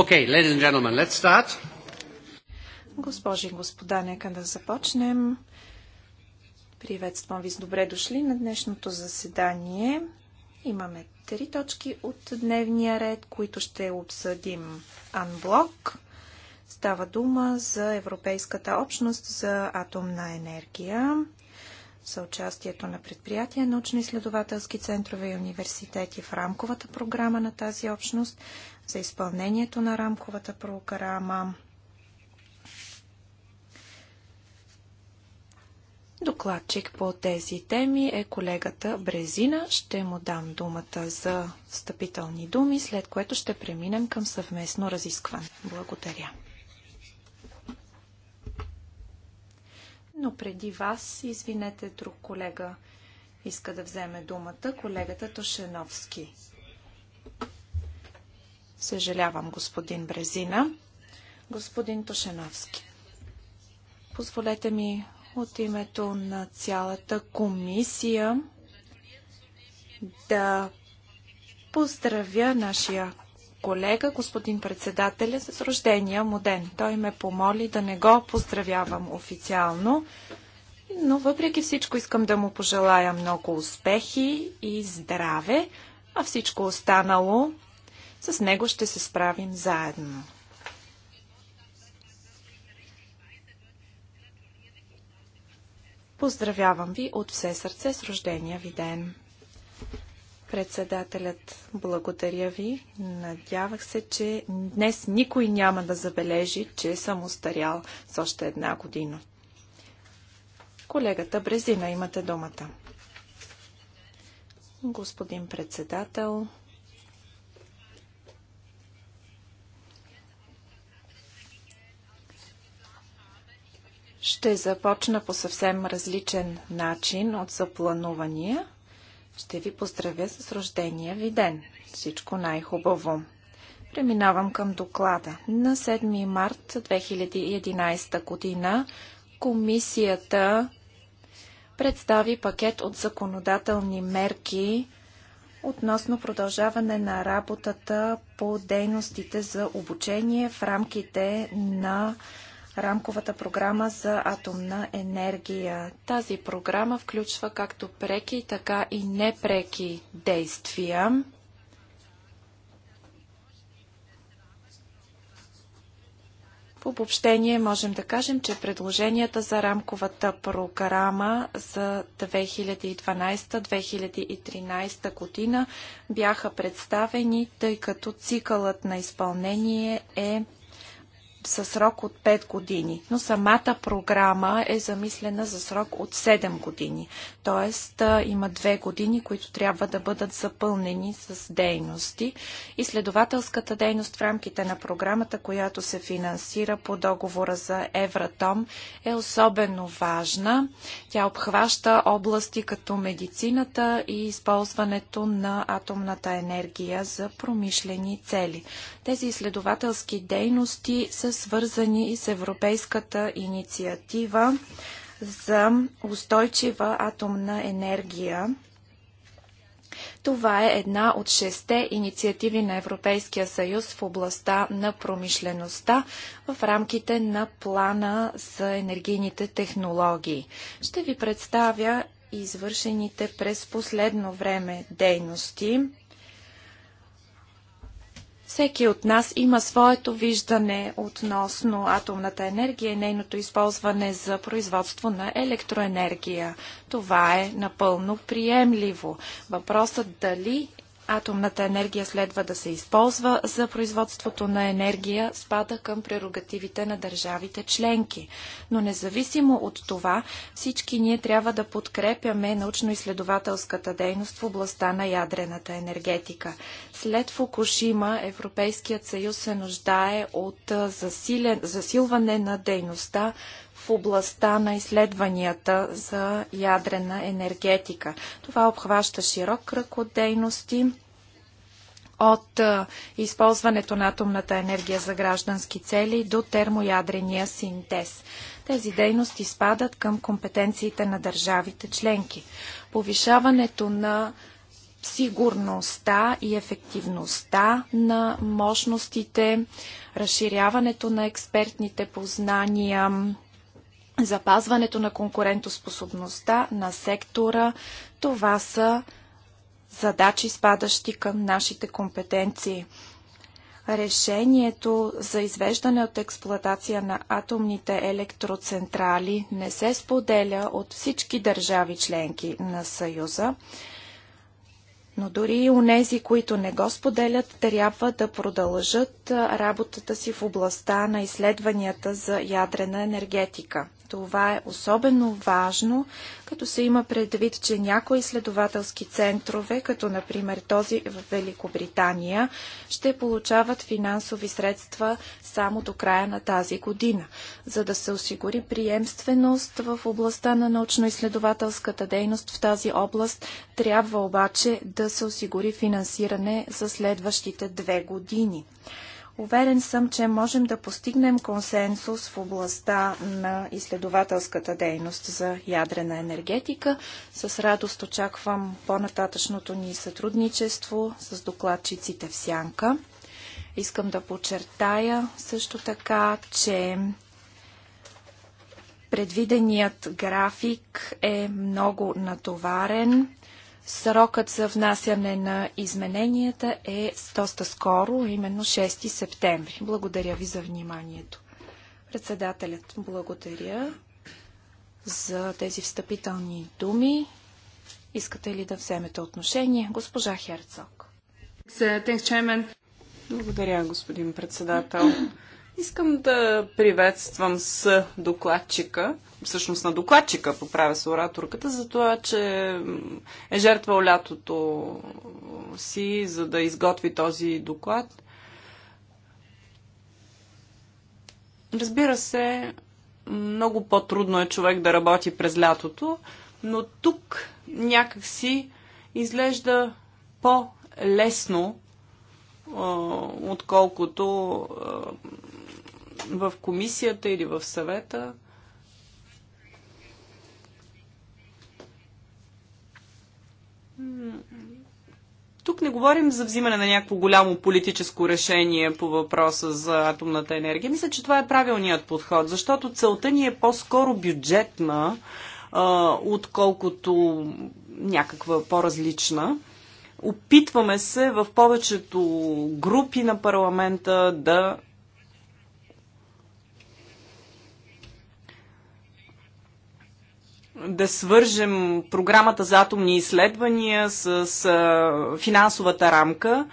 Okay, ladies and gentlemen, let's start. Госпожи и господа, нека да започнем. Приветствам ви с добре дошли на днешното заседание. Имаме три точки от дневния ред, които ще обсъдим анблок. Става дума за Европейската общност за атомна енергия, съучастието на предприятия, научно-изследователски центрове и университети в рамковата програма на тази общност, за изпълнението на рамковата програма. Докладчик по тези теми е колегата Брезина. Ще му дам думата за встъпителни думи, след което ще преминем към съвместно разискване. Благодаря. Но преди вас, извинете, друг колега иска да вземе думата, колегата Тошеновски. Съжалявам, господин Брезина. Господин Тошеновски, позволете ми от името на цялата комисия да поздравя нашия колега, господин председателя, с рождения му ден. Той ме помоли да не го поздравявам официално, но въпреки всичко искам да му пожелая много успехи и здраве, а всичко останало с него ще се справим заедно. Поздравявам ви от все сърце с рождения ви ден. Председателят, благодаря ви. Надявах се, че днес никой няма да забележи, че съм устарял с още една година. Колегата Брезина, имате думата. Господин председател, Ще започна по съвсем различен начин от запланувания. Ще ви поздравя с рождения ви ден. Всичко най-хубаво. Преминавам към доклада. На 7 март 2011 година комисията представи пакет от законодателни мерки относно продължаване на работата по дейностите за обучение в рамките на рамковата програма за атомна енергия. Тази програма включва както преки, така и непреки действия. В обобщение можем да кажем, че предложенията за рамковата програма за 2012-2013 година бяха представени, тъй като цикълът на изпълнение е със срок от 5 години, но самата програма е замислена за срок от 7 години. Тоест има 2 години, които трябва да бъдат запълнени с дейности. Изследователската дейност в рамките на програмата, която се финансира по договора за Евратом, е особено важна. Тя обхваща области като медицината и използването на атомната енергия за промишлени цели. Тези изследователски дейности са свързани и с Европейската инициатива за устойчива атомна енергия. Това е една от шесте инициативи на Европейския съюз в областта на промишлеността в рамките на плана за енергийните технологии. Ще ви представя извършените през последно време дейности. Всеки от нас има своето виждане относно атомната енергия и нейното използване за производство на електроенергия. Това е напълно приемливо. Въпросът дали атомната енергия следва да се използва за производството на енергия, спада към прерогативите на държавите членки. Но независимо от това, всички ние трябва да подкрепяме научно-изследователската дейност в областта на ядрената енергетика. След Фукушима Европейският съюз се нуждае от засилен, засилване на дейността в областта на изследванията за ядрена енергетика. Това обхваща широк кръг от дейности от използването на атомната енергия за граждански цели до термоядрения синтез. Тези дейности спадат към компетенциите на държавите членки. Повишаването на сигурността и ефективността на мощностите, разширяването на експертните познания, запазването на конкурентоспособността на сектора. Това са задачи, спадащи към нашите компетенции. Решението за извеждане от експлоатация на атомните електроцентрали не се споделя от всички държави членки на Съюза, но дори и унези, които не го споделят, трябва да продължат работата си в областта на изследванията за ядрена енергетика. Това е особено важно, като се има предвид, че някои изследователски центрове, като например този в Великобритания, ще получават финансови средства само до края на тази година. За да се осигури приемственост в областта на научно-изследователската дейност в тази област, трябва обаче да се осигури финансиране за следващите две години. Уверен съм, че можем да постигнем консенсус в областта на изследователската дейност за ядрена енергетика. С радост очаквам по-нататъчното ни сътрудничество с докладчиците в Сянка. Искам да подчертая също така, че предвиденият график е много натоварен. Срокът за внасяне на измененията е доста скоро, именно 6 септември. Благодаря ви за вниманието. Председателят, благодаря за тези встъпителни думи. Искате ли да вземете отношение? Госпожа Херцог. Благодаря, господин председател. Искам да приветствам с докладчика, всъщност на докладчика, поправя се ораторката, за това, че е жертвал лятото си, за да изготви този доклад. Разбира се, много по-трудно е човек да работи през лятото, но тук някакси изглежда по-лесно, отколкото в комисията или в съвета. Тук не говорим за взимане на някакво голямо политическо решение по въпроса за атомната енергия. Мисля, че това е правилният подход, защото целта ни е по-скоро бюджетна, отколкото някаква по-различна. Опитваме се в повечето групи на парламента да да свържем програмата за атомни изследвания с, с финансовата рамка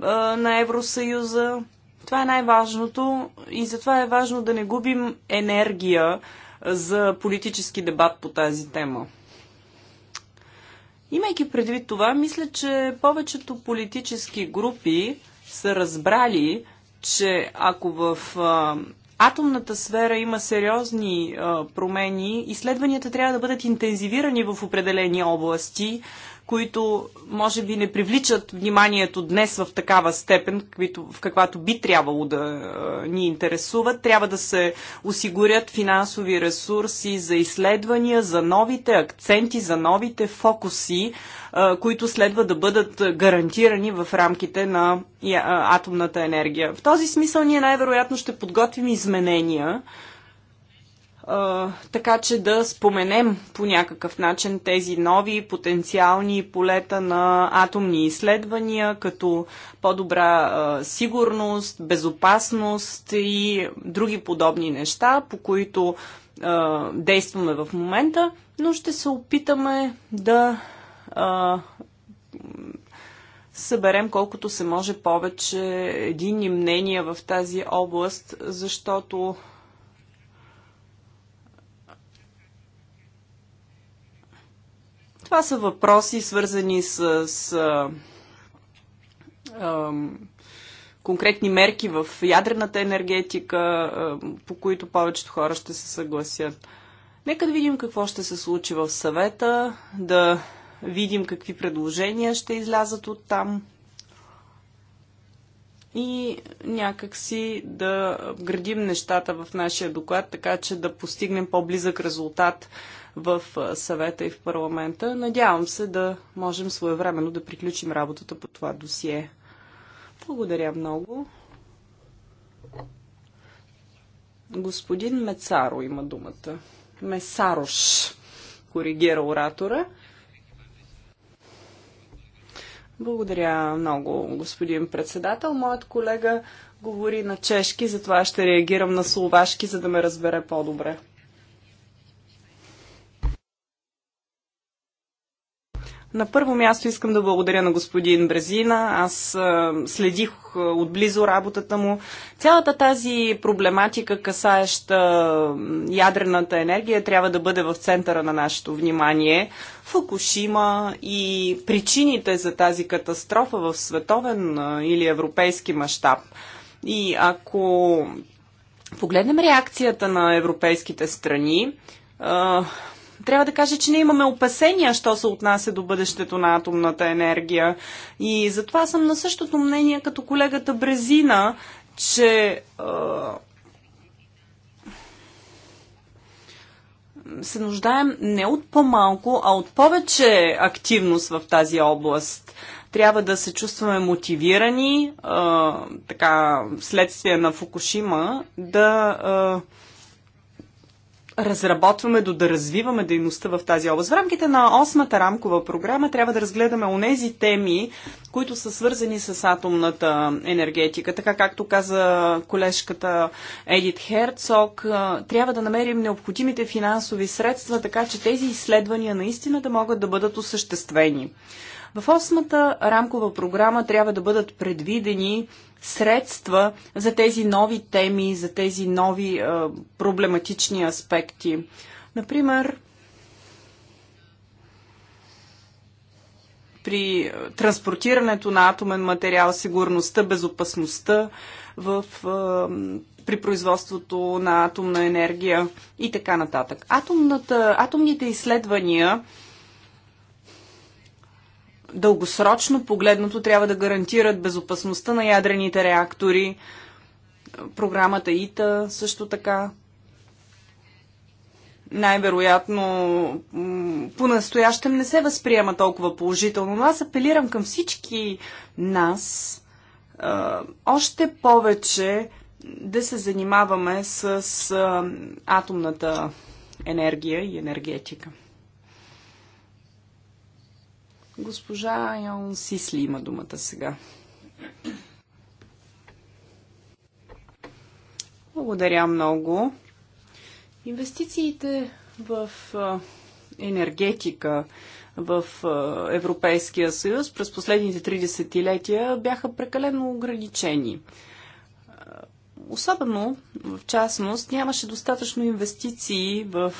а, на Евросъюза. Това е най-важното и затова е важно да не губим енергия за политически дебат по тази тема. Имайки предвид това, мисля, че повечето политически групи са разбрали, че ако в атомната сфера има сериозни а, промени. Изследванията трябва да бъдат интензивирани в определени области, които може би не привличат вниманието днес в такава степен, в каквато би трябвало да ни интересуват. Трябва да се осигурят финансови ресурси за изследвания, за новите акценти, за новите фокуси, които следва да бъдат гарантирани в рамките на атомната енергия. В този смисъл ние най-вероятно ще подготвим изменения, така че да споменем по някакъв начин тези нови потенциални полета на атомни изследвания, като по-добра сигурност, безопасност и други подобни неща, по които а, действаме в момента, но ще се опитаме да а, съберем колкото се може повече единни мнения в тази област, защото Това са въпроси, свързани с, с а, а, конкретни мерки в ядрената енергетика, а, по които повечето хора ще се съгласят. Нека да видим какво ще се случи в съвета, да видим какви предложения ще излязат от там и някакси да градим нещата в нашия доклад, така че да постигнем по-близък резултат в съвета и в парламента. Надявам се да можем своевременно да приключим работата по това досие. Благодаря много. Господин Мецаро има думата. Месарош коригира оратора. Благодаря много, господин председател. Моят колега говори на чешки, затова ще реагирам на словашки, за да ме разбере по-добре. На първо място искам да благодаря на господин Брезина. Аз следих отблизо работата му. Цялата тази проблематика, касаеща ядрената енергия, трябва да бъде в центъра на нашето внимание. Фукушима и причините за тази катастрофа в световен или европейски мащаб. И ако погледнем реакцията на европейските страни, трябва да кажа, че не имаме опасения, що се отнася до бъдещето на атомната енергия. И затова съм на същото мнение като колегата Брезина, че се нуждаем не от по-малко, а от повече активност в тази област. Трябва да се чувстваме мотивирани, е, така, следствие на Фукушима, да Е, разработваме, до да развиваме дейността в тази област. В рамките на осмата рамкова програма трябва да разгледаме онези теми, които са свързани с атомната енергетика. Така както каза колежката Едит Херцог, трябва да намерим необходимите финансови средства, така че тези изследвания наистина да могат да бъдат осъществени. В осмата рамкова програма трябва да бъдат предвидени средства за тези нови теми, за тези нови е, проблематични аспекти. Например, при е, транспортирането на атомен материал, сигурността, безопасността в, е, при производството на атомна енергия и така нататък. Атомната, атомните изследвания дългосрочно погледното трябва да гарантират безопасността на ядрените реактори, програмата ИТА също така. Най-вероятно по-настоящем не се възприема толкова положително, но аз апелирам към всички нас а, още повече да се занимаваме с а, атомната енергия и енергетика. Госпожа Йон Сисли има думата сега. Благодаря много. Инвестициите в енергетика в Европейския съюз през последните 30-летия бяха прекалено ограничени. Особено, в частност, нямаше достатъчно инвестиции в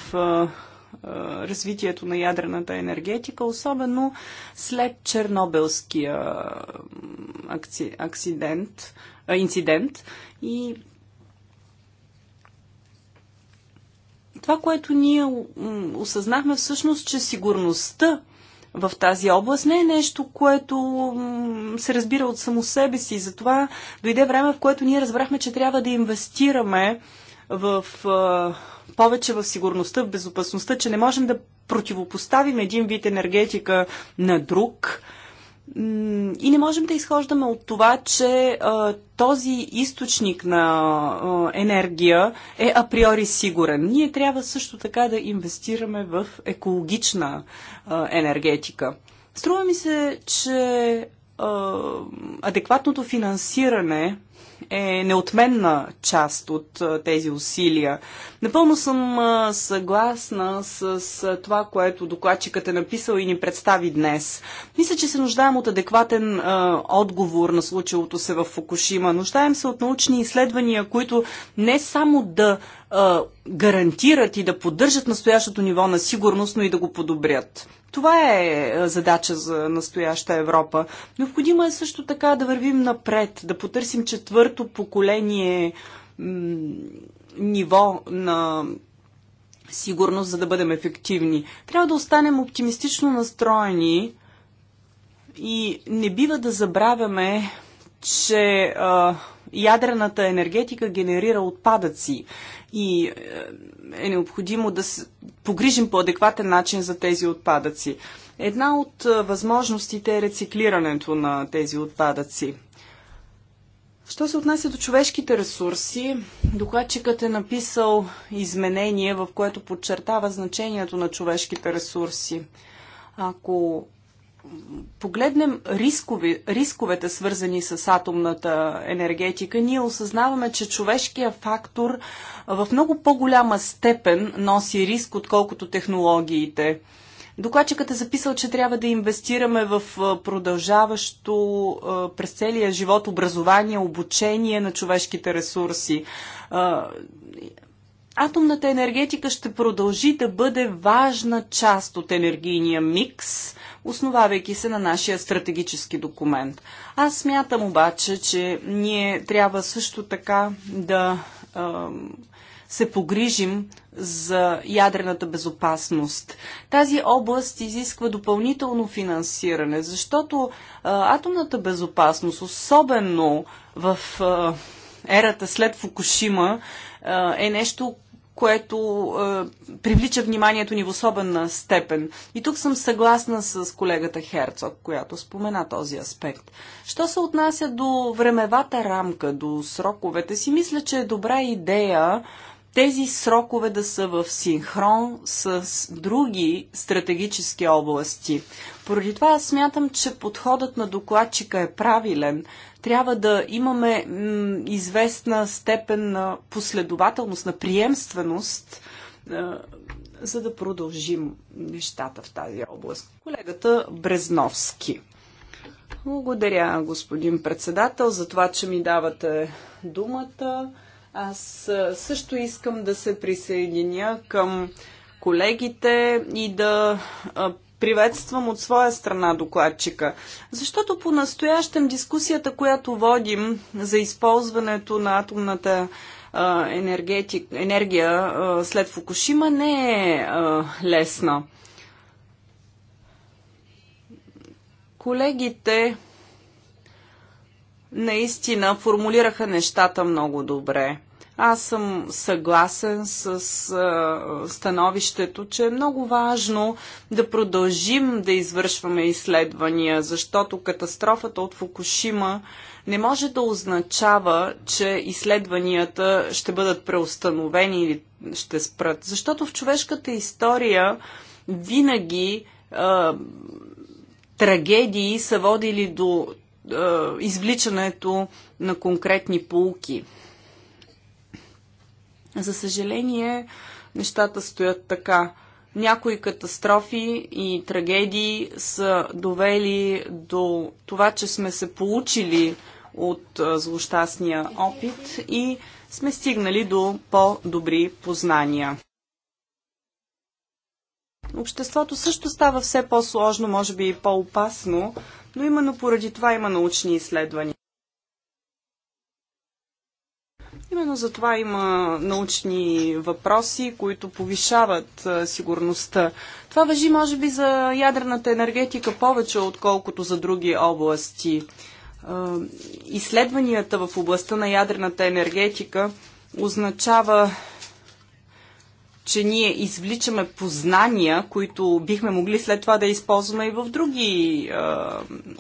развитието на ядрената енергетика, особено след Чернобелския акцидент, инцидент. И това, което ние осъзнахме всъщност, че сигурността в тази област не е нещо, което се разбира от само себе си. Затова дойде време, в което ние разбрахме, че трябва да инвестираме в повече в сигурността, в безопасността, че не можем да противопоставим един вид енергетика на друг. И не можем да изхождаме от това, че а, този източник на а, енергия е априори сигурен. Ние трябва също така да инвестираме в екологична а, енергетика. Струва ми се, че е, адекватното финансиране е неотменна част от е, тези усилия. Напълно съм е, съгласна с това, което докладчикът е написал и ни представи днес. Мисля, че се нуждаем от адекватен отговор на случилото се в Фукушима. Нуждаем се от научни изследвания, които не само да гарантират и да поддържат настоящото ниво на сигурност, но и да го подобрят. Това е, е задача за настояща Европа. Необходимо е също така да вървим напред, да потърсим четвърто поколение ниво на сигурност, за да бъдем ефективни. Трябва да останем оптимистично настроени и не бива да забравяме, че а, ядрената енергетика генерира отпадъци и е, е необходимо да се погрижим по адекватен начин за тези отпадъци. Една от е, възможностите е рециклирането на тези отпадъци. Що се отнася до човешките ресурси, докладчикът е написал изменение, в което подчертава значението на човешките ресурси. Ако погледнем рискови, рисковете, свързани с атомната енергетика, ние осъзнаваме, че човешкият фактор в много по-голяма степен носи риск, отколкото технологиите. Докладчикът е записал, че трябва да инвестираме в продължаващо през целия живот образование, обучение на човешките ресурси. Атомната енергетика ще продължи да бъде важна част от енергийния микс основавайки се на нашия стратегически документ. Аз смятам обаче, че ние трябва също така да се погрижим за ядрената безопасност. Тази област изисква допълнително финансиране, защото а, атомната безопасност, особено в а, ерата след Фукушима, а, е нещо, което е, привлича вниманието ни в особена степен. И тук съм съгласна с колегата Херцог, която спомена този аспект. Що се отнася до времевата рамка, до сроковете си, мисля, че е добра идея тези срокове да са в синхрон с други стратегически области. Поради това аз смятам, че подходът на докладчика е правилен – трябва да имаме известна степен на последователност, на приемственост, е, за да продължим нещата в тази област. Колегата Брезновски. Благодаря, господин председател, за това, че ми давате думата. Аз е, също искам да се присъединя към колегите и да е, приветствам от своя страна докладчика, защото по настоящем дискусията, която водим за използването на атомната енергетик, енергия след Фукушима не е лесна. Колегите наистина формулираха нещата много добре. Аз съм съгласен с становището, че е много важно да продължим да извършваме изследвания, защото катастрофата от Фукушима не може да означава, че изследванията ще бъдат преустановени или ще спрат. Защото в човешката история винаги а, трагедии са водили до а, извличането на конкретни полуки. За съжаление, нещата стоят така. Някои катастрофи и трагедии са довели до това, че сме се получили от злощастния опит и сме стигнали до по-добри познания. Обществото също става все по-сложно, може би и по-опасно, но именно поради това има научни изследвания. Именно за това има научни въпроси, които повишават сигурността. Това въжи, може би, за ядрената енергетика повече, отколкото за други области. Изследванията в областта на ядрената енергетика означава че ние извличаме познания, които бихме могли след това да използваме и в други е,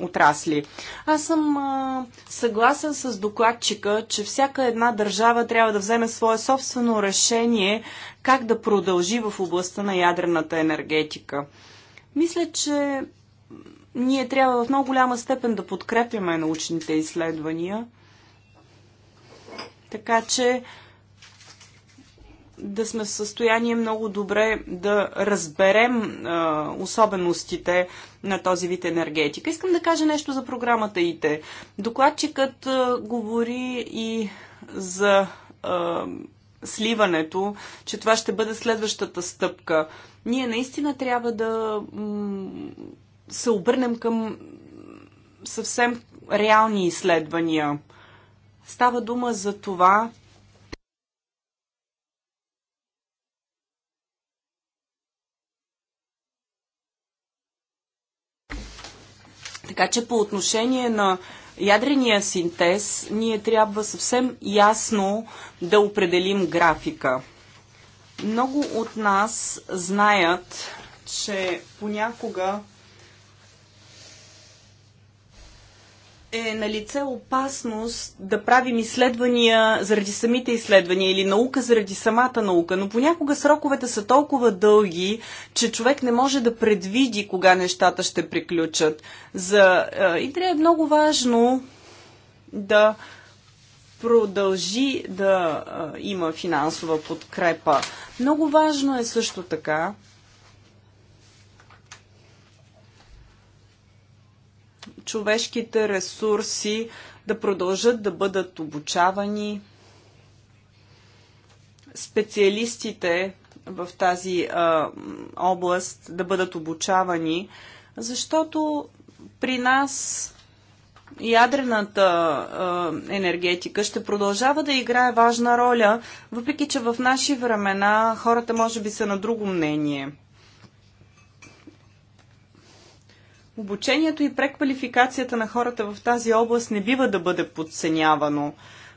отрасли. Аз съм е, съгласен с докладчика, че всяка една държава трябва да вземе свое собствено решение как да продължи в областта на ядрената енергетика. Мисля, че ние трябва в много голяма степен да подкрепяме научните изследвания. Така че да сме в състояние много добре да разберем а, особеностите на този вид енергетика. Искам да кажа нещо за програмата ИТЕ. Докладчикът а, говори и за а, сливането, че това ще бъде следващата стъпка. Ние наистина трябва да се обърнем към съвсем реални изследвания. Става дума за това, Така че по отношение на ядрения синтез ние трябва съвсем ясно да определим графика. Много от нас знаят, че понякога е на лице опасност да правим изследвания заради самите изследвания или наука заради самата наука, но понякога сроковете са толкова дълги, че човек не може да предвиди кога нещата ще приключат. За Идре е много важно да продължи да е, има финансова подкрепа. Много важно е също така човешките ресурси да продължат да бъдат обучавани. Специалистите в тази а, област да бъдат обучавани, защото при нас ядрената а, енергетика ще продължава да играе важна роля, въпреки че в наши времена хората може би са на друго мнение. Обучението и преквалификацията на хората в тази област не бива да бъде подценявано.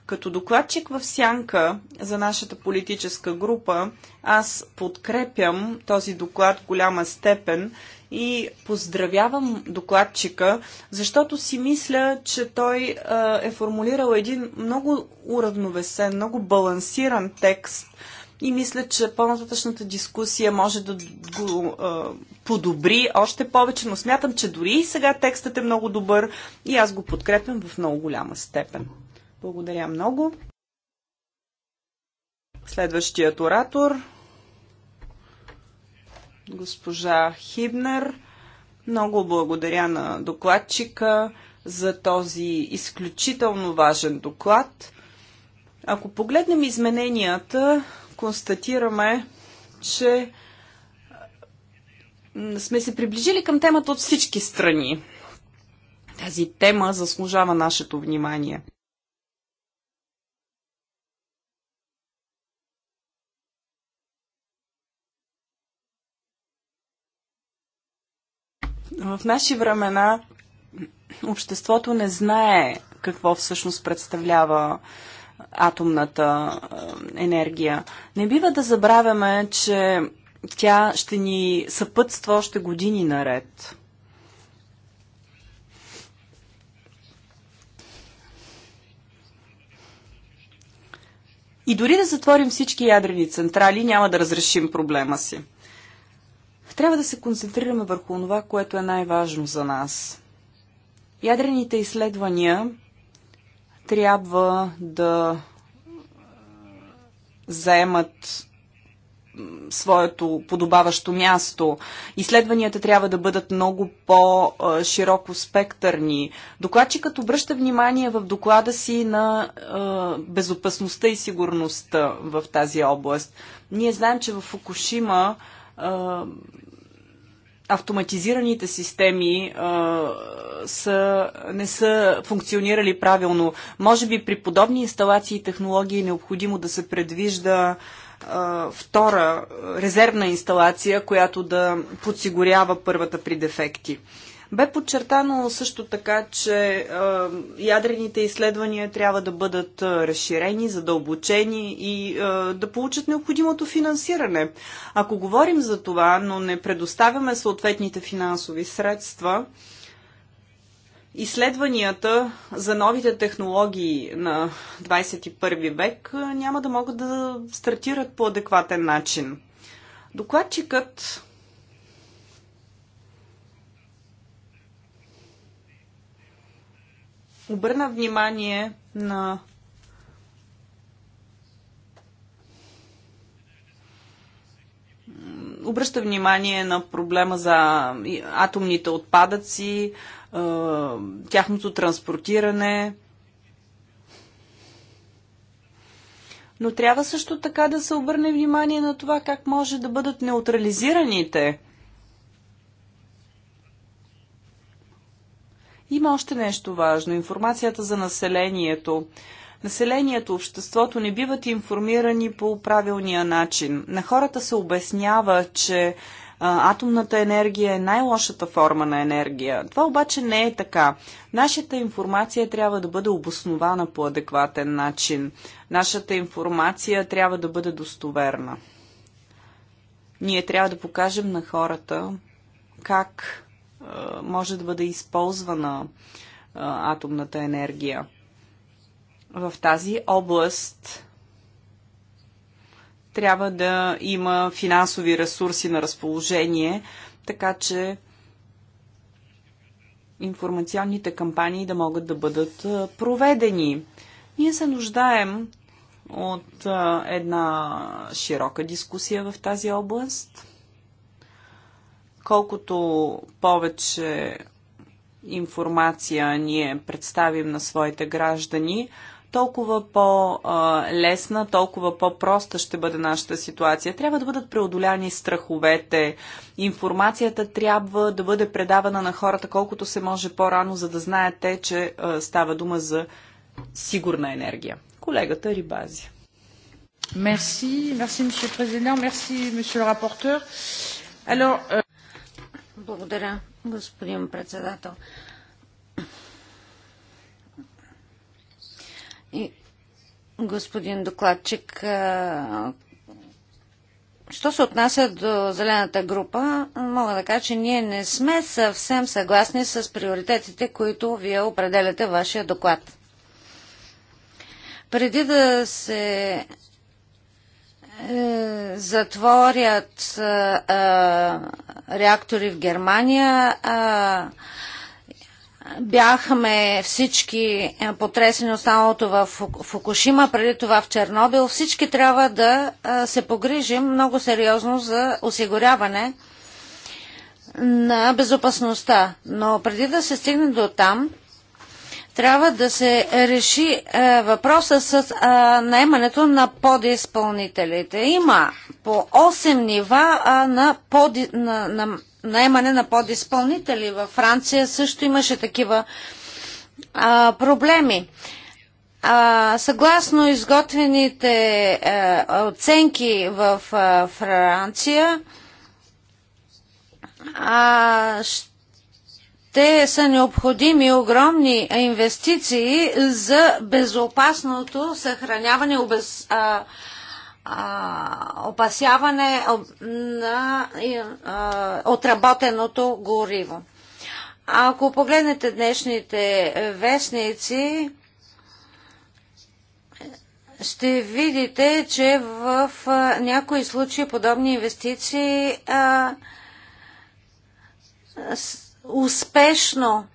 Като докладчик в сянка за нашата политическа група, аз подкрепям този доклад в голяма степен и поздравявам докладчика, защото си мисля, че той е формулирал един много уравновесен, много балансиран текст – и мисля, че по-нататъчната дискусия може да го а, подобри още повече, но смятам, че дори и сега текстът е много добър и аз го подкрепям в много голяма степен. Благодаря много. Следващият оратор госпожа Хибнер. Много благодаря на докладчика за този изключително важен доклад. Ако погледнем измененията, констатираме, че сме се приближили към темата от всички страни. Тази тема заслужава нашето внимание. В наши времена обществото не знае какво всъщност представлява атомната е, енергия. Не бива да забравяме, че тя ще ни съпътства още години наред. И дори да затворим всички ядрени централи, няма да разрешим проблема си. Трябва да се концентрираме върху това, което е най-важно за нас. Ядрените изследвания трябва да заемат своето подобаващо място. Изследванията трябва да бъдат много по-широко спектърни. Докладчикът обръща внимание в доклада си на е, безопасността и сигурността в тази област. Ние знаем, че в Фукушима е, автоматизираните системи а, са, не са функционирали правилно. Може би при подобни инсталации и технологии е необходимо да се предвижда а, втора резервна инсталация, която да подсигурява първата при дефекти. Бе подчертано също така, че ядрените изследвания трябва да бъдат разширени, задълбочени и да получат необходимото финансиране. Ако говорим за това, но не предоставяме съответните финансови средства, изследванията за новите технологии на 21 век няма да могат да стартират по адекватен начин. Докладчикът обърна внимание на обръща внимание на проблема за атомните отпадъци, е, тяхното транспортиране. Но трябва също така да се обърне внимание на това как може да бъдат неутрализираните Има още нещо важно. Информацията за населението. Населението, обществото не биват информирани по правилния начин. На хората се обяснява, че а, атомната енергия е най-лошата форма на енергия. Това обаче не е така. Нашата информация трябва да бъде обоснована по адекватен начин. Нашата информация трябва да бъде достоверна. Ние трябва да покажем на хората как може да бъде използвана атомната енергия. В тази област трябва да има финансови ресурси на разположение, така че информационните кампании да могат да бъдат проведени. Ние се нуждаем от една широка дискусия в тази област. Колкото повече информация ние представим на своите граждани, толкова по-лесна, толкова по-проста ще бъде нашата ситуация. Трябва да бъдат преодоляни страховете. Информацията трябва да бъде предавана на хората колкото се може по-рано, за да знаят те, че е, става дума за сигурна енергия. Колегата Рибази. Мерси, мерси, месье президент, мерси, месье рапортер. Alors, euh... Благодаря, господин председател. И господин докладчик, що се отнася до зелената група, мога да кажа, че ние не сме съвсем съгласни с приоритетите, които вие определяте в вашия доклад. Преди да се е, затворят е, е, реактори в Германия. Бяхме всички потресени останалото в Фукушима, преди това в Чернобил. Всички трябва да се погрижим много сериозно за осигуряване на безопасността. Но преди да се стигне до там, трябва да се реши е, въпроса с е, наемането на подизпълнителите. Има по 8 нива на, поди, на, на наемане на подизпълнители. Във Франция също имаше такива е, проблеми. А, е, съгласно изготвените е, оценки в Франция, а, ще те са необходими огромни инвестиции за безопасното съхраняване, обез, а, а, опасяване на а, отработеното гориво. Ако погледнете днешните вестници, ще видите, че в някои случаи подобни инвестиции а, успешно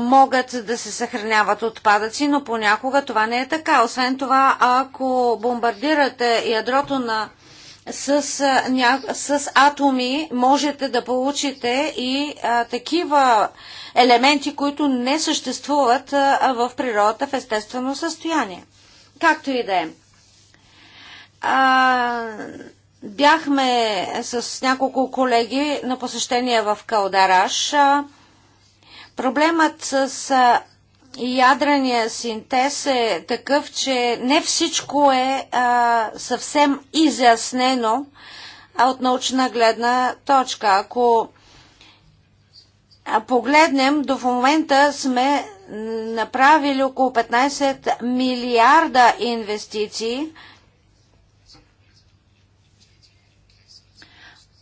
могат да се съхраняват отпадъци, но понякога това не е така. Освен това, ако бомбардирате ядрото на с, ня... с атоми можете да получите и а, такива елементи, които не съществуват а, в природата в естествено състояние. Както и да е. Бяхме с няколко колеги на посещение в Калдараш. Проблемът с ядрения синтез е такъв, че не всичко е съвсем изяснено от научна гледна точка. Ако погледнем, до момента сме направили около 15 милиарда инвестиции –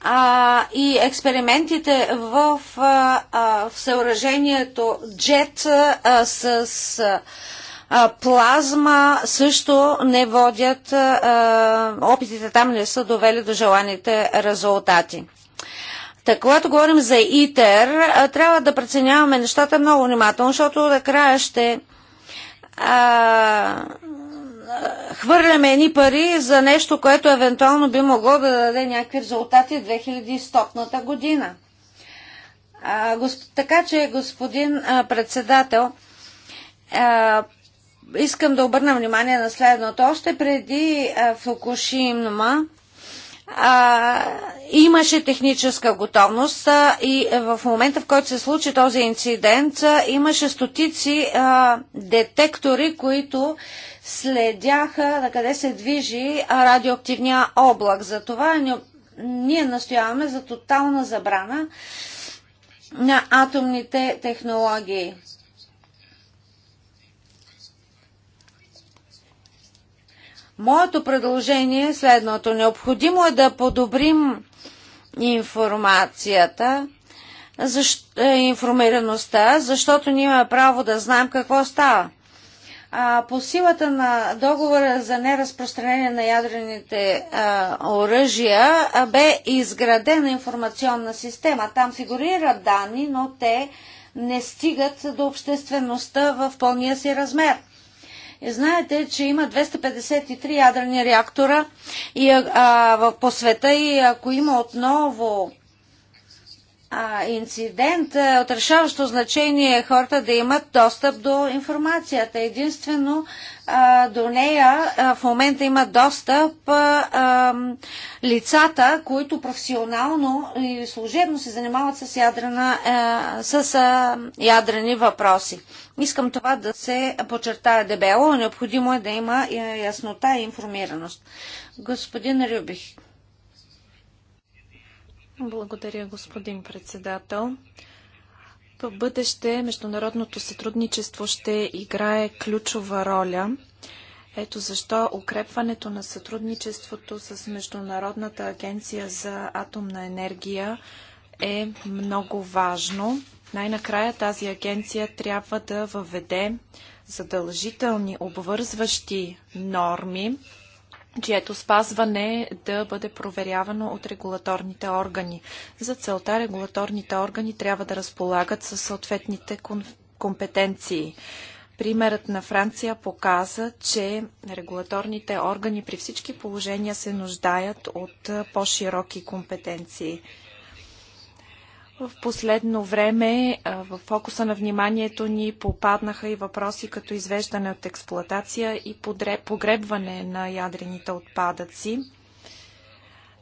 а, и експериментите в, а, в съоръжението JET а, с а, плазма също не водят, а, опитите там не са довели до желаните резултати. Така, когато говорим за ИТЕР, а, трябва да преценяваме нещата много внимателно, защото накрая ще а, хвърляме едни пари за нещо, което евентуално би могло да даде някакви резултати 2100-ната година. А, госп... Така че, господин а, председател, а, искам да обърна внимание на следното. Още преди Фукушима имаше техническа готовност а, и е, в момента, в който се случи този инцидент, а, имаше стотици а, детектори, които следяха на къде се движи радиоактивния облак. Затова е ние настояваме за тотална забрана на атомните технологии. Моето предложение е следното. Необходимо е да подобрим информацията, защ... Е, информираността, защото ние имаме право да знаем какво става по силата на договора за неразпространение на ядрените оръжия бе изградена информационна система. Там фигурират данни, но те не стигат до обществеността в пълния си размер. Знаете, че има 253 ядрени реактора и, а, по света и ако има отново инцидент е, от решаващо значение е хората да имат достъп до информацията. Единствено до нея в момента има достъп лицата, които професионално и служебно се занимават с, ядрена, е, с ядрени въпроси. Искам това да се подчертая дебело. Необходимо е да има е, яснота и информираност. Господин Рюбих. Благодаря, господин председател. В бъдеще международното сътрудничество ще играе ключова роля. Ето защо укрепването на сътрудничеството с Международната агенция за атомна енергия е много важно. Най-накрая тази агенция трябва да въведе задължителни обвързващи норми чието спазване да бъде проверявано от регулаторните органи. За целта регулаторните органи трябва да разполагат със съответните компетенции. Примерът на Франция показа, че регулаторните органи при всички положения се нуждаят от по-широки компетенции. В последно време в фокуса на вниманието ни попаднаха и въпроси като извеждане от експлоатация и погребване на ядрените отпадъци.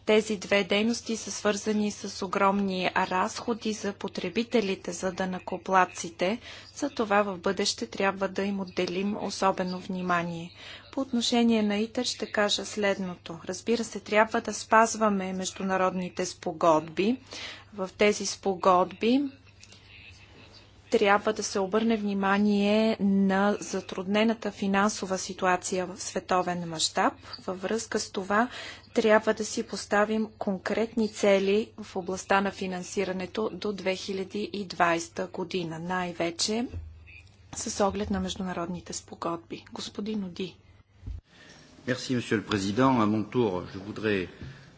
Тези две дейности са свързани с огромни разходи за потребителите, за данакоплаците. За това в бъдеще трябва да им отделим особено внимание. По отношение на ИТЕР ще кажа следното. Разбира се, трябва да спазваме международните спогодби в тези спогодби трябва да се обърне внимание на затруднената финансова ситуация в световен мащаб. Във връзка с това трябва да си поставим конкретни цели в областта на финансирането до 2020 година, най-вече с оглед на международните спогодби. Господин Оди. Merci, Monsieur президент. Président. À mon je voudrais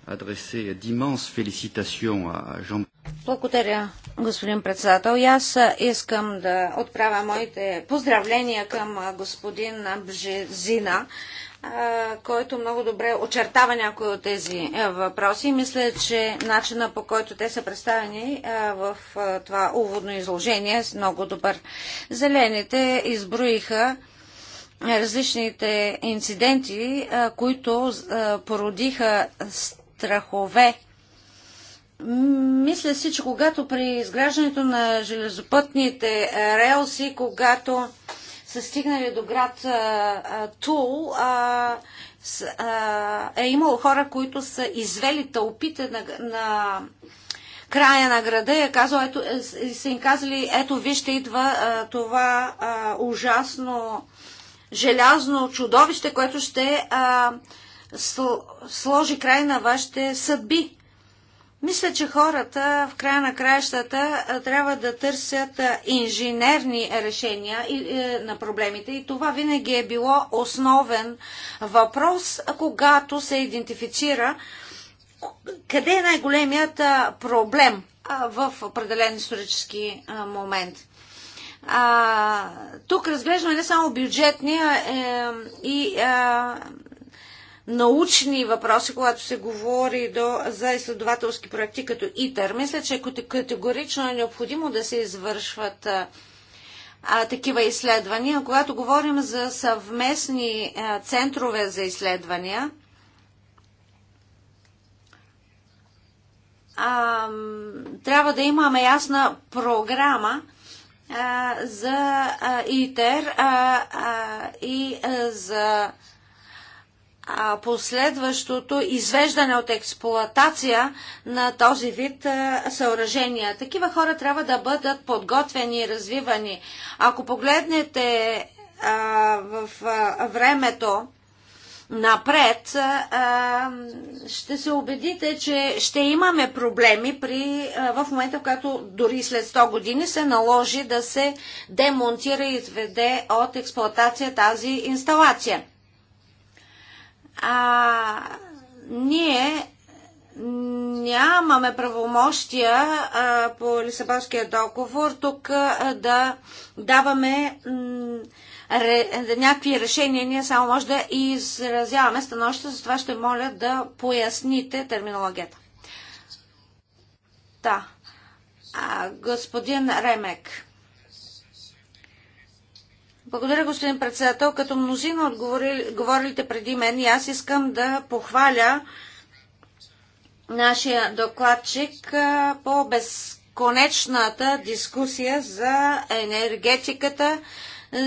adresser диманс félicitations Жан Благодаря, господин председател. И аз искам да отправя моите поздравления към господин Бжезина, който много добре очертава някои от тези въпроси. Мисля, че начина по който те са представени в това уводно изложение е много добър. Зелените изброиха различните инциденти, които породиха страх страхове. Мисля си, че когато при изграждането на железопътните релси, когато са стигнали до град а, Тул, а, с, а, е имало хора, които са извели тълпите на, на края на града и е казал, ето, е, са им казали, ето вижте идва а, това а, ужасно желязно чудовище, което ще а, сложи край на вашите съдби. Мисля, че хората в края на краищата трябва да търсят инженерни решения е, на проблемите и това винаги е било основен въпрос, когато се идентифицира къде е най-големият проблем в определен исторически момент. А, тук разглеждаме не само бюджетния е, и научни въпроси, когато се говори до, за изследователски проекти като ИТЕР. Мисля, че категорично е необходимо да се извършват а, такива изследвания. Когато говорим за съвместни а, центрове за изследвания, а, трябва да имаме ясна програма а, за а, ИТЕР а, а, и а, за а, последващото извеждане от експлоатация на този вид съоръжения. Такива хора трябва да бъдат подготвени и развивани. Ако погледнете в времето, напред, ще се убедите, че ще имаме проблеми при, в момента, в който дори след 100 години се наложи да се демонтира и изведе от експлоатация тази инсталация а, ние нямаме правомощия а, по Лисабонския договор тук а, да даваме ре, някакви решения. Ние само може да изразяваме становище, затова ще моля да поясните терминологията. Да. А, господин Ремек. Благодаря, господин председател. Като мнозина от говорилите преди мен, и аз искам да похваля нашия докладчик по безконечната дискусия за енергетиката,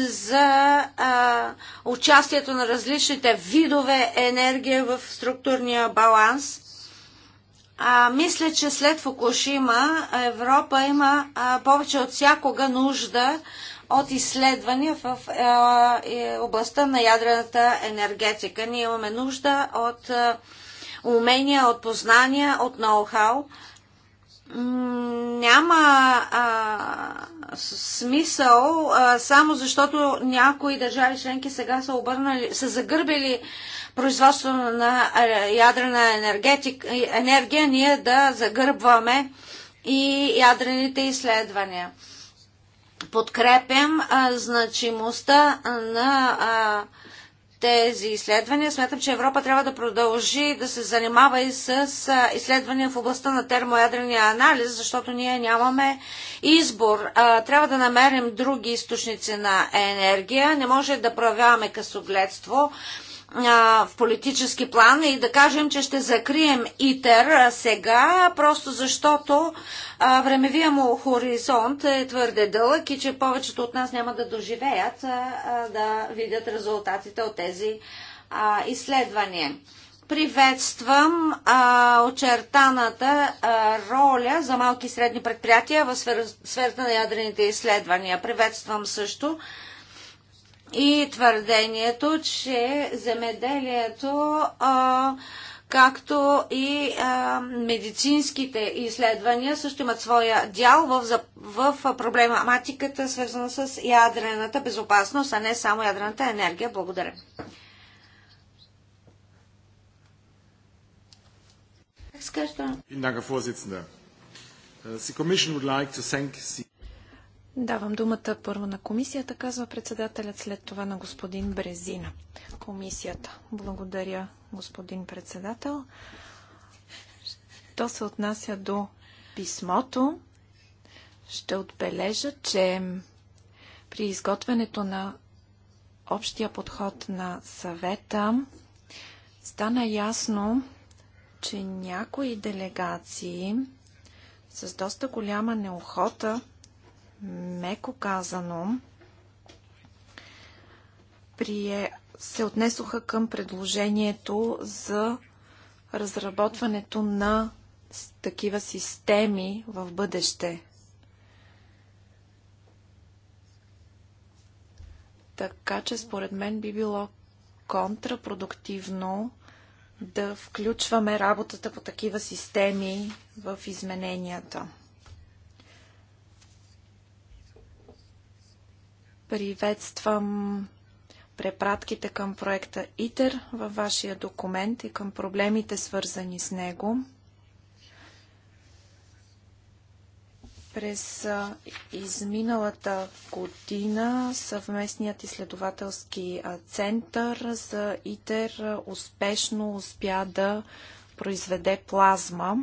за а, участието на различните видове енергия в структурния баланс. А, мисля, че след Фукушима Европа има а, повече от всякога нужда от изследвания в е, е, областта на ядрената енергетика. Ние имаме нужда от е, умения, от познания, от ноу-хау. Няма а, смисъл а, само защото някои държави членки сега са обърнали, са загърбили производство на ядрена енергетик, енергия, ние да загърбваме и ядрените изследвания подкрепям а, значимостта на а, тези изследвания. Смятам, че Европа трябва да продължи да се занимава и с а, изследвания в областта на термоядрения анализ, защото ние нямаме избор. А, трябва да намерим други източници на енергия. Не може да проявяваме късогледство а, в политически план и да кажем, че ще закрием ИТЕР сега, просто защото а, времевия му хоризонт е твърде дълъг и че повечето от нас няма да доживеят а, а, да видят резултатите от тези а, изследвания. Приветствам а, очертаната а, роля за малки и средни предприятия в сферата на ядрените изследвания. Приветствам също и твърдението, че земеделието а, както и а, медицинските изследвания също имат своя дял в, в проблематиката, свързана с ядрената безопасност, а не само ядрената енергия. Благодаря. Herr Vorsitzender. Äh, the Kommission, würde like to thank Давам думата първо на комисията, казва председателят, след това на господин Брезина. Комисията. Благодаря, господин председател. То се отнася до писмото. Ще отбележа, че при изготвянето на общия подход на съвета стана ясно, че някои делегации с доста голяма неохота меко казано, прие, се отнесоха към предложението за разработването на такива системи в бъдеще. Така че според мен би било контрапродуктивно да включваме работата по такива системи в измененията. Приветствам препратките към проекта ИТЕР във вашия документ и към проблемите свързани с него. През изминалата година съвместният изследователски център за ИТЕР успешно успя да произведе плазма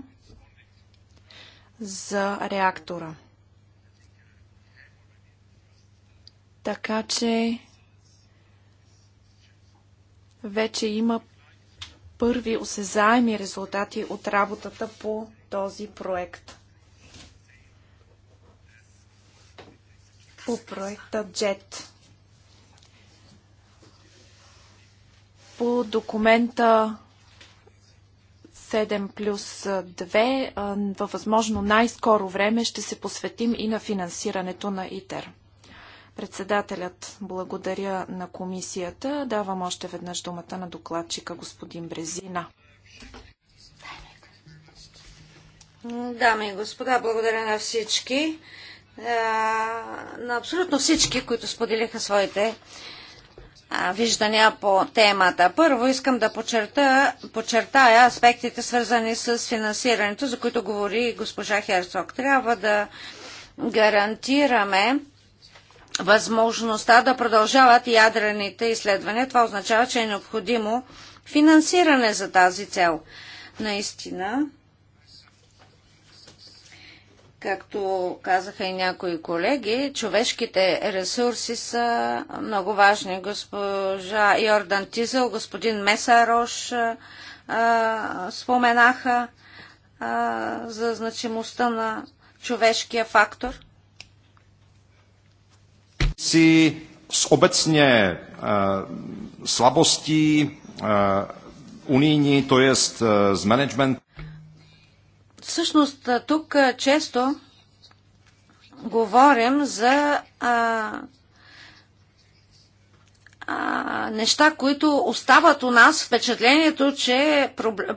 за реактора. Така че вече има първи осезаеми резултати от работата по този проект. По проекта JET. По документа 7 плюс 2 във възможно най-скоро време ще се посветим и на финансирането на ИТЕР. Председателят благодаря на комисията. Давам още веднъж думата на докладчика господин Брезина. Дами и господа, благодаря на всички. Е, на абсолютно всички, които споделиха своите е, виждания по темата. Първо искам да почерта, почертая аспектите, свързани с финансирането, за които говори госпожа Херцог. Трябва да гарантираме възможността да продължават ядрените изследвания. Това означава, че е необходимо финансиране за тази цел. Наистина, както казаха и някои колеги, човешките ресурси са много важни. Госпожа Йордан Тизел, господин Месарош а, споменаха а, за значимостта на човешкия фактор si s obecně slabostí unijní, to je s management. Всъщност тук често говорим за а, а, неща, които остават у нас впечатлението, че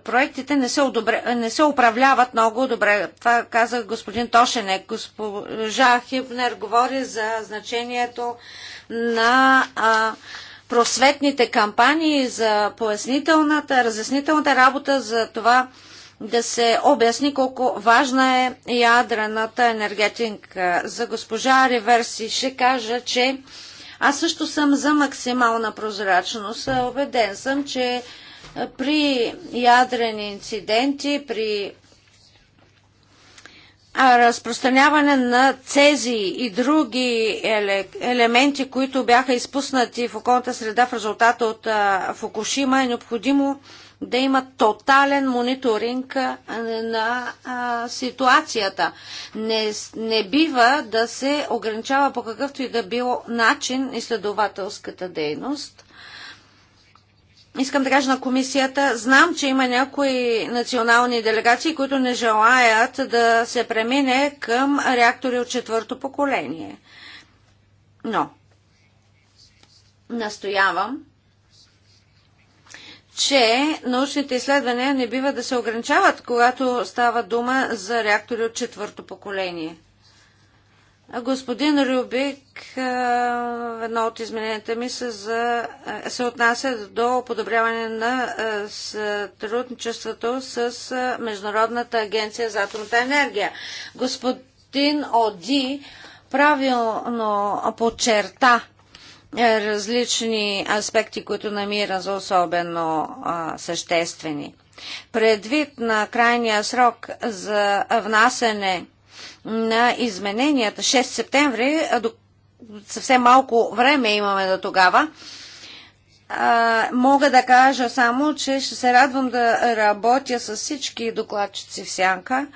проектите не се, одобре, не се управляват много добре. Това каза господин Тошенек. Госпожа Хипнер говори за значението на а, просветните кампании, за пояснителната, разяснителната работа, за това да се обясни колко важна е ядрената енергетика. За госпожа Реверси ще кажа, че аз също съм за максимална прозрачност. Обеден е, съм, че е, при ядрени инциденти, при разпространяване на цези и други елементи, които бяха изпуснати в околната среда в резултата от Фукушима, е необходимо да има тотален мониторинг на ситуацията. Не, не бива да се ограничава по какъвто и да било начин изследователската дейност. Искам да кажа на комисията, знам, че има някои национални делегации, които не желаят да се премине към реактори от четвърто поколение. Но настоявам че научните изследвания не бива да се ограничават, когато става дума за реактори от четвърто поколение. Господин Рюбик, е, едно от измененията ми се, за, е, се отнася до подобряване на е, сътрудничеството с Международната агенция за атомната енергия. Господин Оди правилно подчерта е, различни аспекти, които намира за особено съществени. Предвид на крайния срок за внасене на измененията 6 септември, до съвсем малко време имаме до тогава, мога да кажа само, че ще се радвам да работя с всички докладчици в сянка,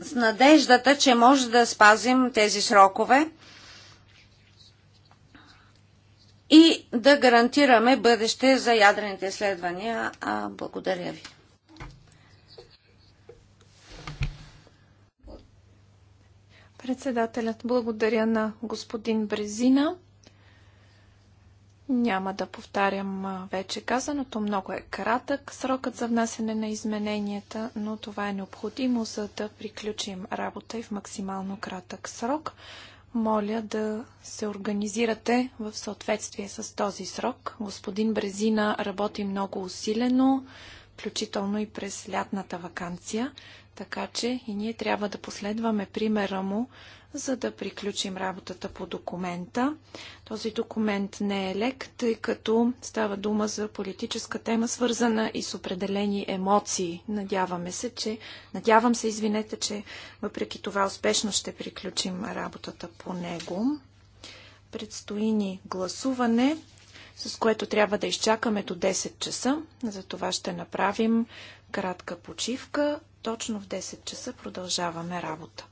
с надеждата, че може да спазим тези срокове и да гарантираме бъдеще за ядрените изследвания. А, благодаря ви. Председателят благодаря на господин Брезина. Няма да повтарям вече казаното. Много е кратък срокът за внасяне на измененията, но това е необходимо, за да приключим работа и в максимално кратък срок моля да се организирате в съответствие с този срок. Господин Брезина работи много усилено, включително и през лятната вакансия, така че и ние трябва да последваме примера му за да приключим работата по документа. Този документ не е лек, тъй като става дума за политическа тема, свързана и с определени емоции. Надяваме се, че... Надявам се, извинете, че въпреки това успешно ще приключим работата по него. Предстои ни гласуване, с което трябва да изчакаме до 10 часа. За това ще направим кратка почивка. Точно в 10 часа продължаваме работа.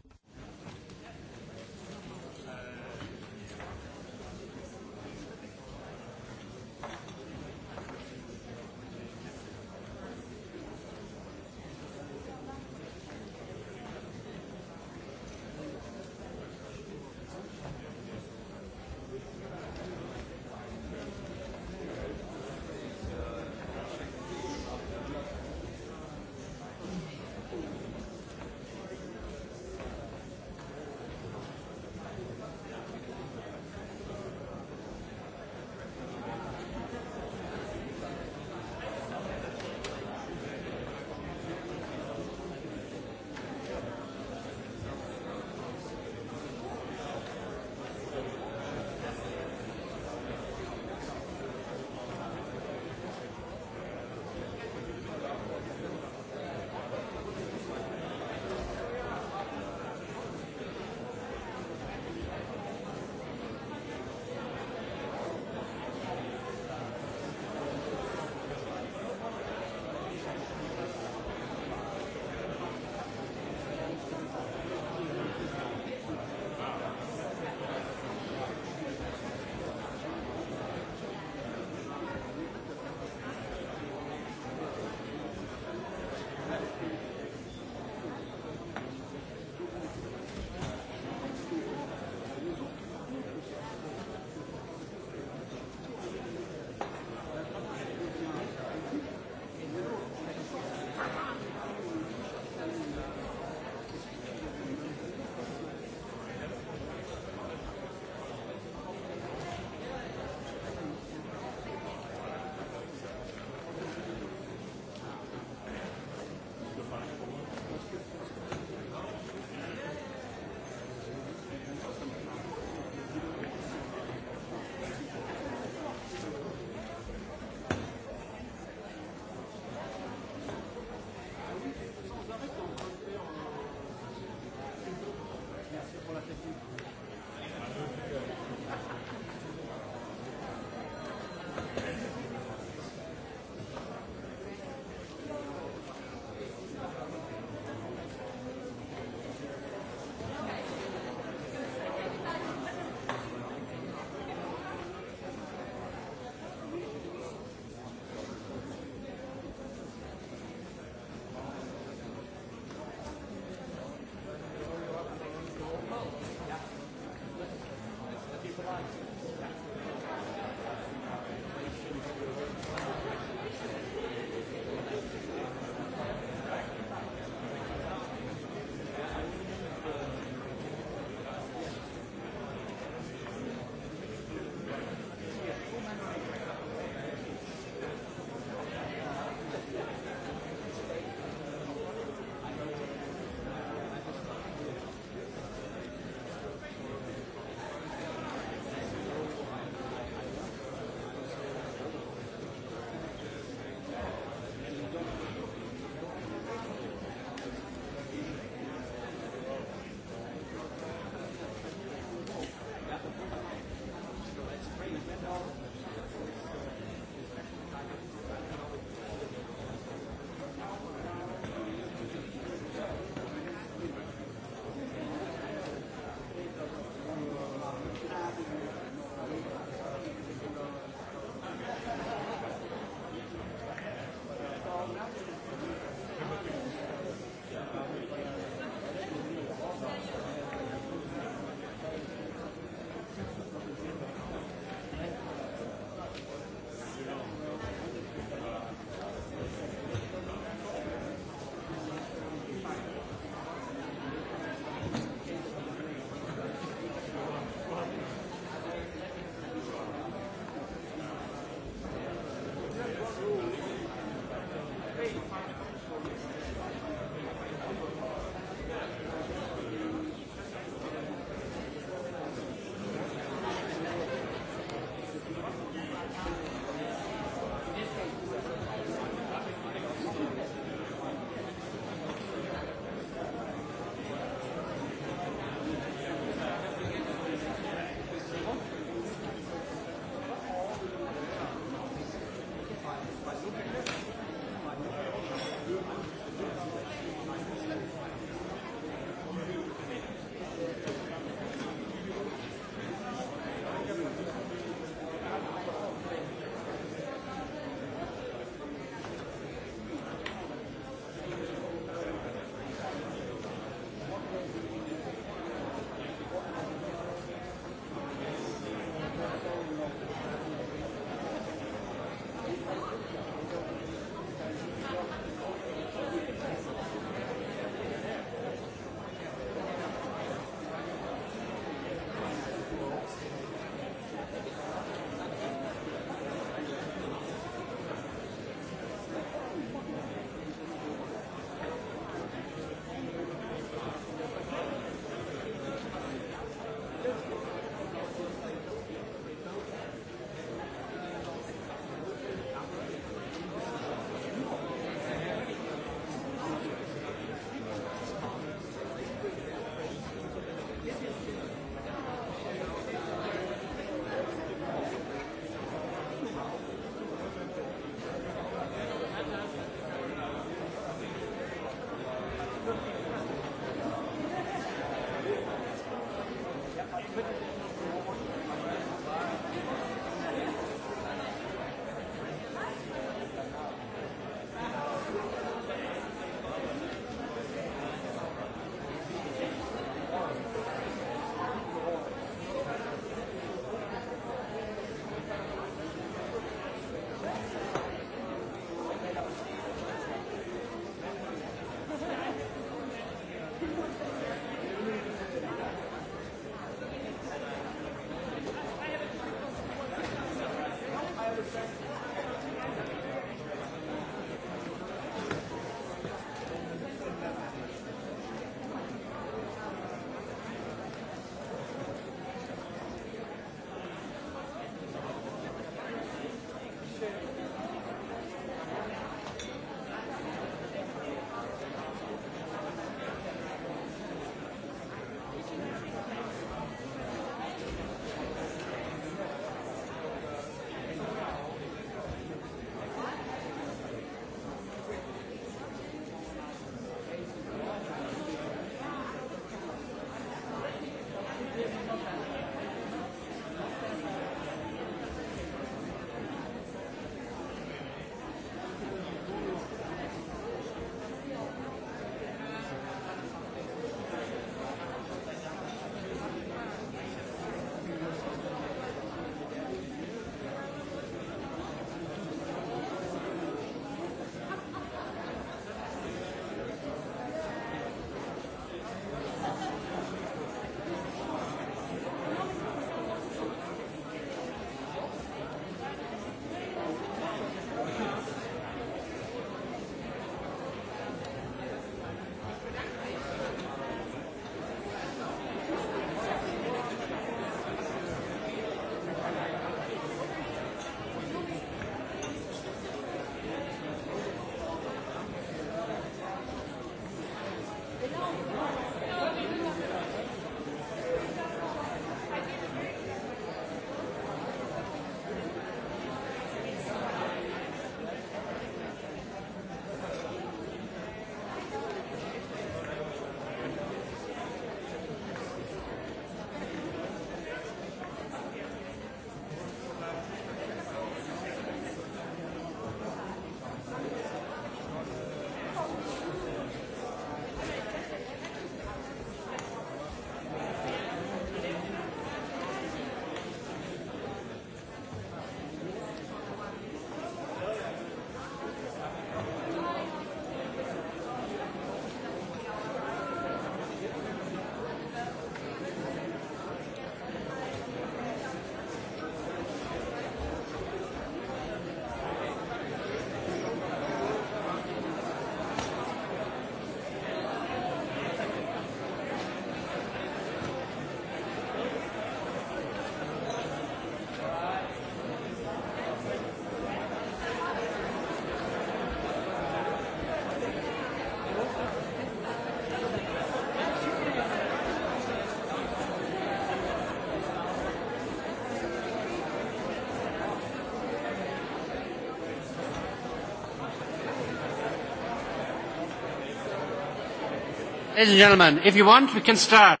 Ladies and gentlemen, if you want, we can start.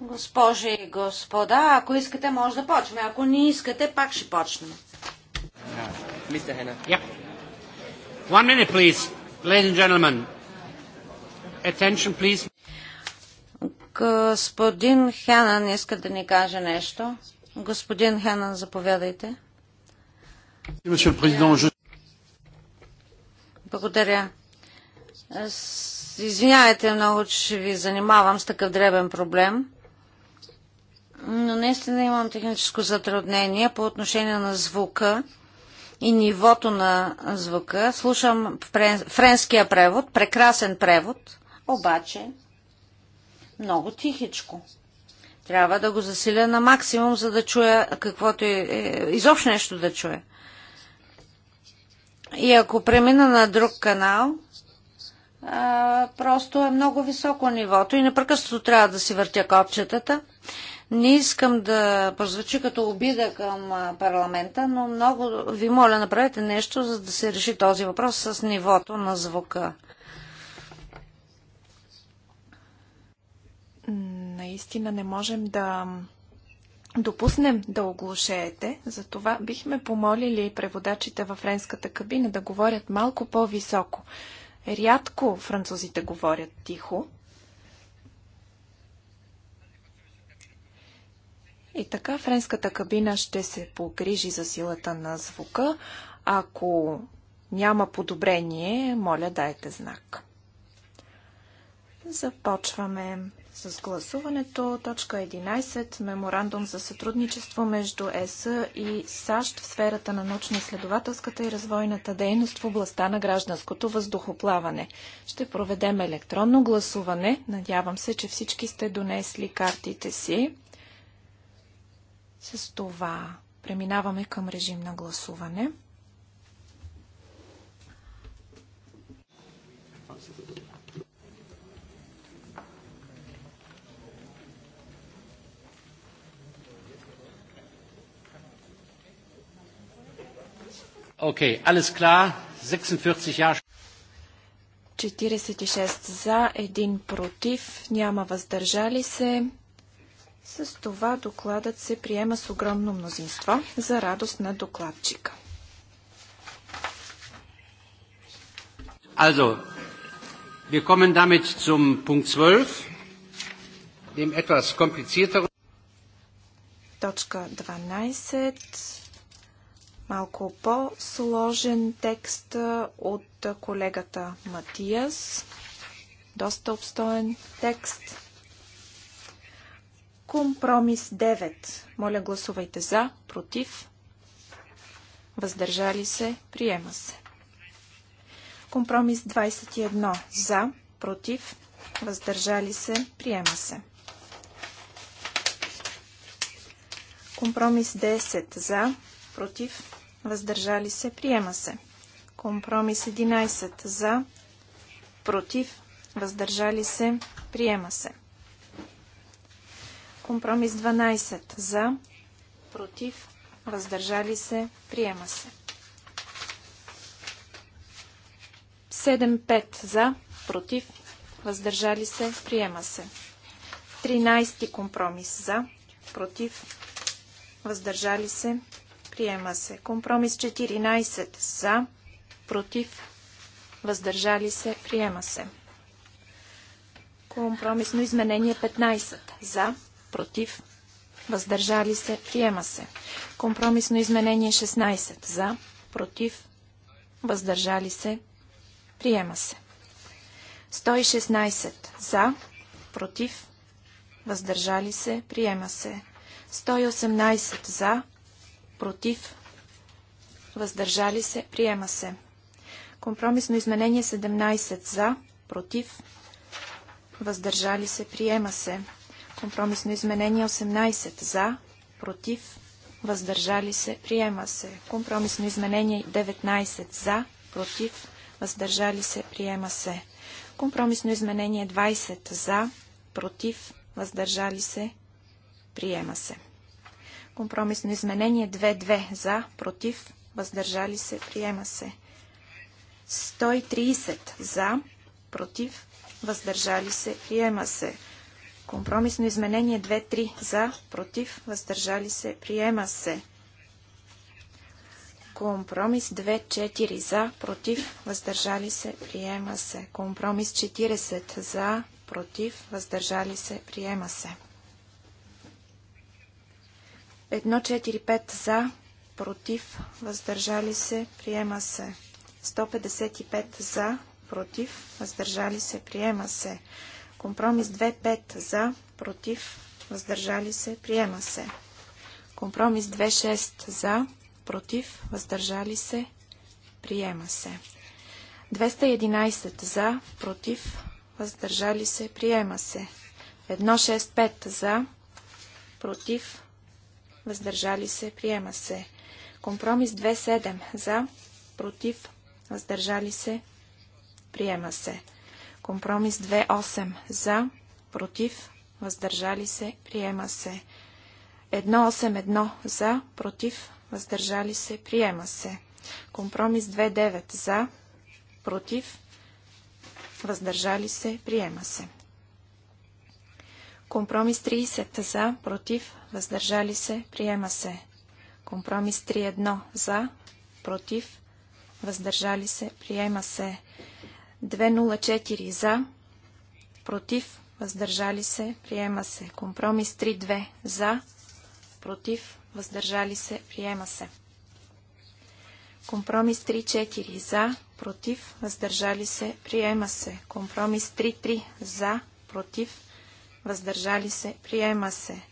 Госпожи и господа, ако искате, може да почнем. Ако не искате, пак ще почнем. Мистер Хена. Yep. One minute, please. Ladies and gentlemen. Attention, please. Господин Хенън иска да ни каже нещо. Господин Хенън, заповядайте. Благодаря. Благодаря. Извинявайте много, че ви занимавам с такъв дребен проблем, но наистина имам техническо затруднение по отношение на звука и нивото на звука. Слушам френския превод, прекрасен превод, обаче много тихичко. Трябва да го засиля на максимум, за да чуя каквото е, е изобщо нещо да чуя. И ако премина на друг канал, просто е много високо нивото и непрекъснато трябва да си въртя копчетата. Не искам да прозвучи като обида към парламента, но много ви моля, направете нещо, за да се реши този въпрос с нивото на звука. Наистина не можем да допуснем да оглушеете, затова бихме помолили преводачите във френската кабина да говорят малко по-високо, Рядко французите говорят тихо. И така френската кабина ще се погрижи за силата на звука. Ако няма подобрение, моля дайте знак. Започваме с гласуването. Точка 11. Меморандум за сътрудничество между ЕС и САЩ в сферата на научно-изследователската и развойната дейност в областта на гражданското въздухоплаване. Ще проведем електронно гласуване. Надявам се, че всички сте донесли картите си. С това преминаваме към режим на гласуване. Okay, alles klar. 46 Jahre. 46 за, 1 против, няма въздържали се. С това докладът се приема с огромно мнозинство за радост на докладчика. Also, wir kommen damit zum Punkt 12, dem etwas komplizierteren. Точка 12 малко по-сложен текст от колегата Матиас. Доста обстоен текст. Компромис 9. Моля гласувайте за, против, въздържали се, приема се. Компромис 21. За, против, въздържали се, приема се. Компромис 10. За, против, въздържали се, приема се. Компромис 11 за, против, въздържали се, приема се. Компромис 12 за, против, въздържали се, приема се. 7-5 за, против, въздържали се, приема се. 13 компромис за, против, въздържали се, приема се. Компромис 14 за, против, въздържали се, приема се. Компромисно изменение 15 за, против, въздържали се, приема се. Компромисно изменение 16 за, против, въздържали се, приема се. 116 за, против, въздържали се, приема се. 118 за, против, въздържали се, приема се. Компромисно изменение 17 за, против, въздържали се, приема се. Компромисно изменение 18 за, против, въздържали се, приема се. Компромисно изменение 19 за, против, въздържали се, приема се. Компромисно изменение 20 за, против, въздържали се, приема се. Компромисно изменение 2-2 за, против, въздържали се, приема се. 130 за, против, въздържали се, приема се. Компромисно изменение 2-3 за, против, въздържали се, приема се. Компромис 4 за, против, въздържали се, приема се. Компромис 40 за, против, въздържали се, приема се. 145 за, против, въздържали се, приема се. 155 за, против, въздържали се, приема се. Компромис 25 за, против, въздържали се, приема се. Компромис 26 за, против, въздържали се, приема се. 211 за, против, въздържали се, приема се. 165 за, против, въздържали се, приема се. Компромис 2.7 за, против, въздържали се, приема се. Компромис 2.8 за, против, въздържали се, приема се. 1.8.1 за, против, въздържали се, приема се. Компромис 2.9 за, против, въздържали се, приема се. Компромис 30 за, против, въздържали се, приема се. Компромис 31 за, против, въздържали се, приема се. 204 за, против, въздържали се, приема се. Компромис 32 за, против, въздържали се, приема се. Компромис 3 за, против, въздържали се, приема се. Компромис 33 за, против, въздържали се, приема се.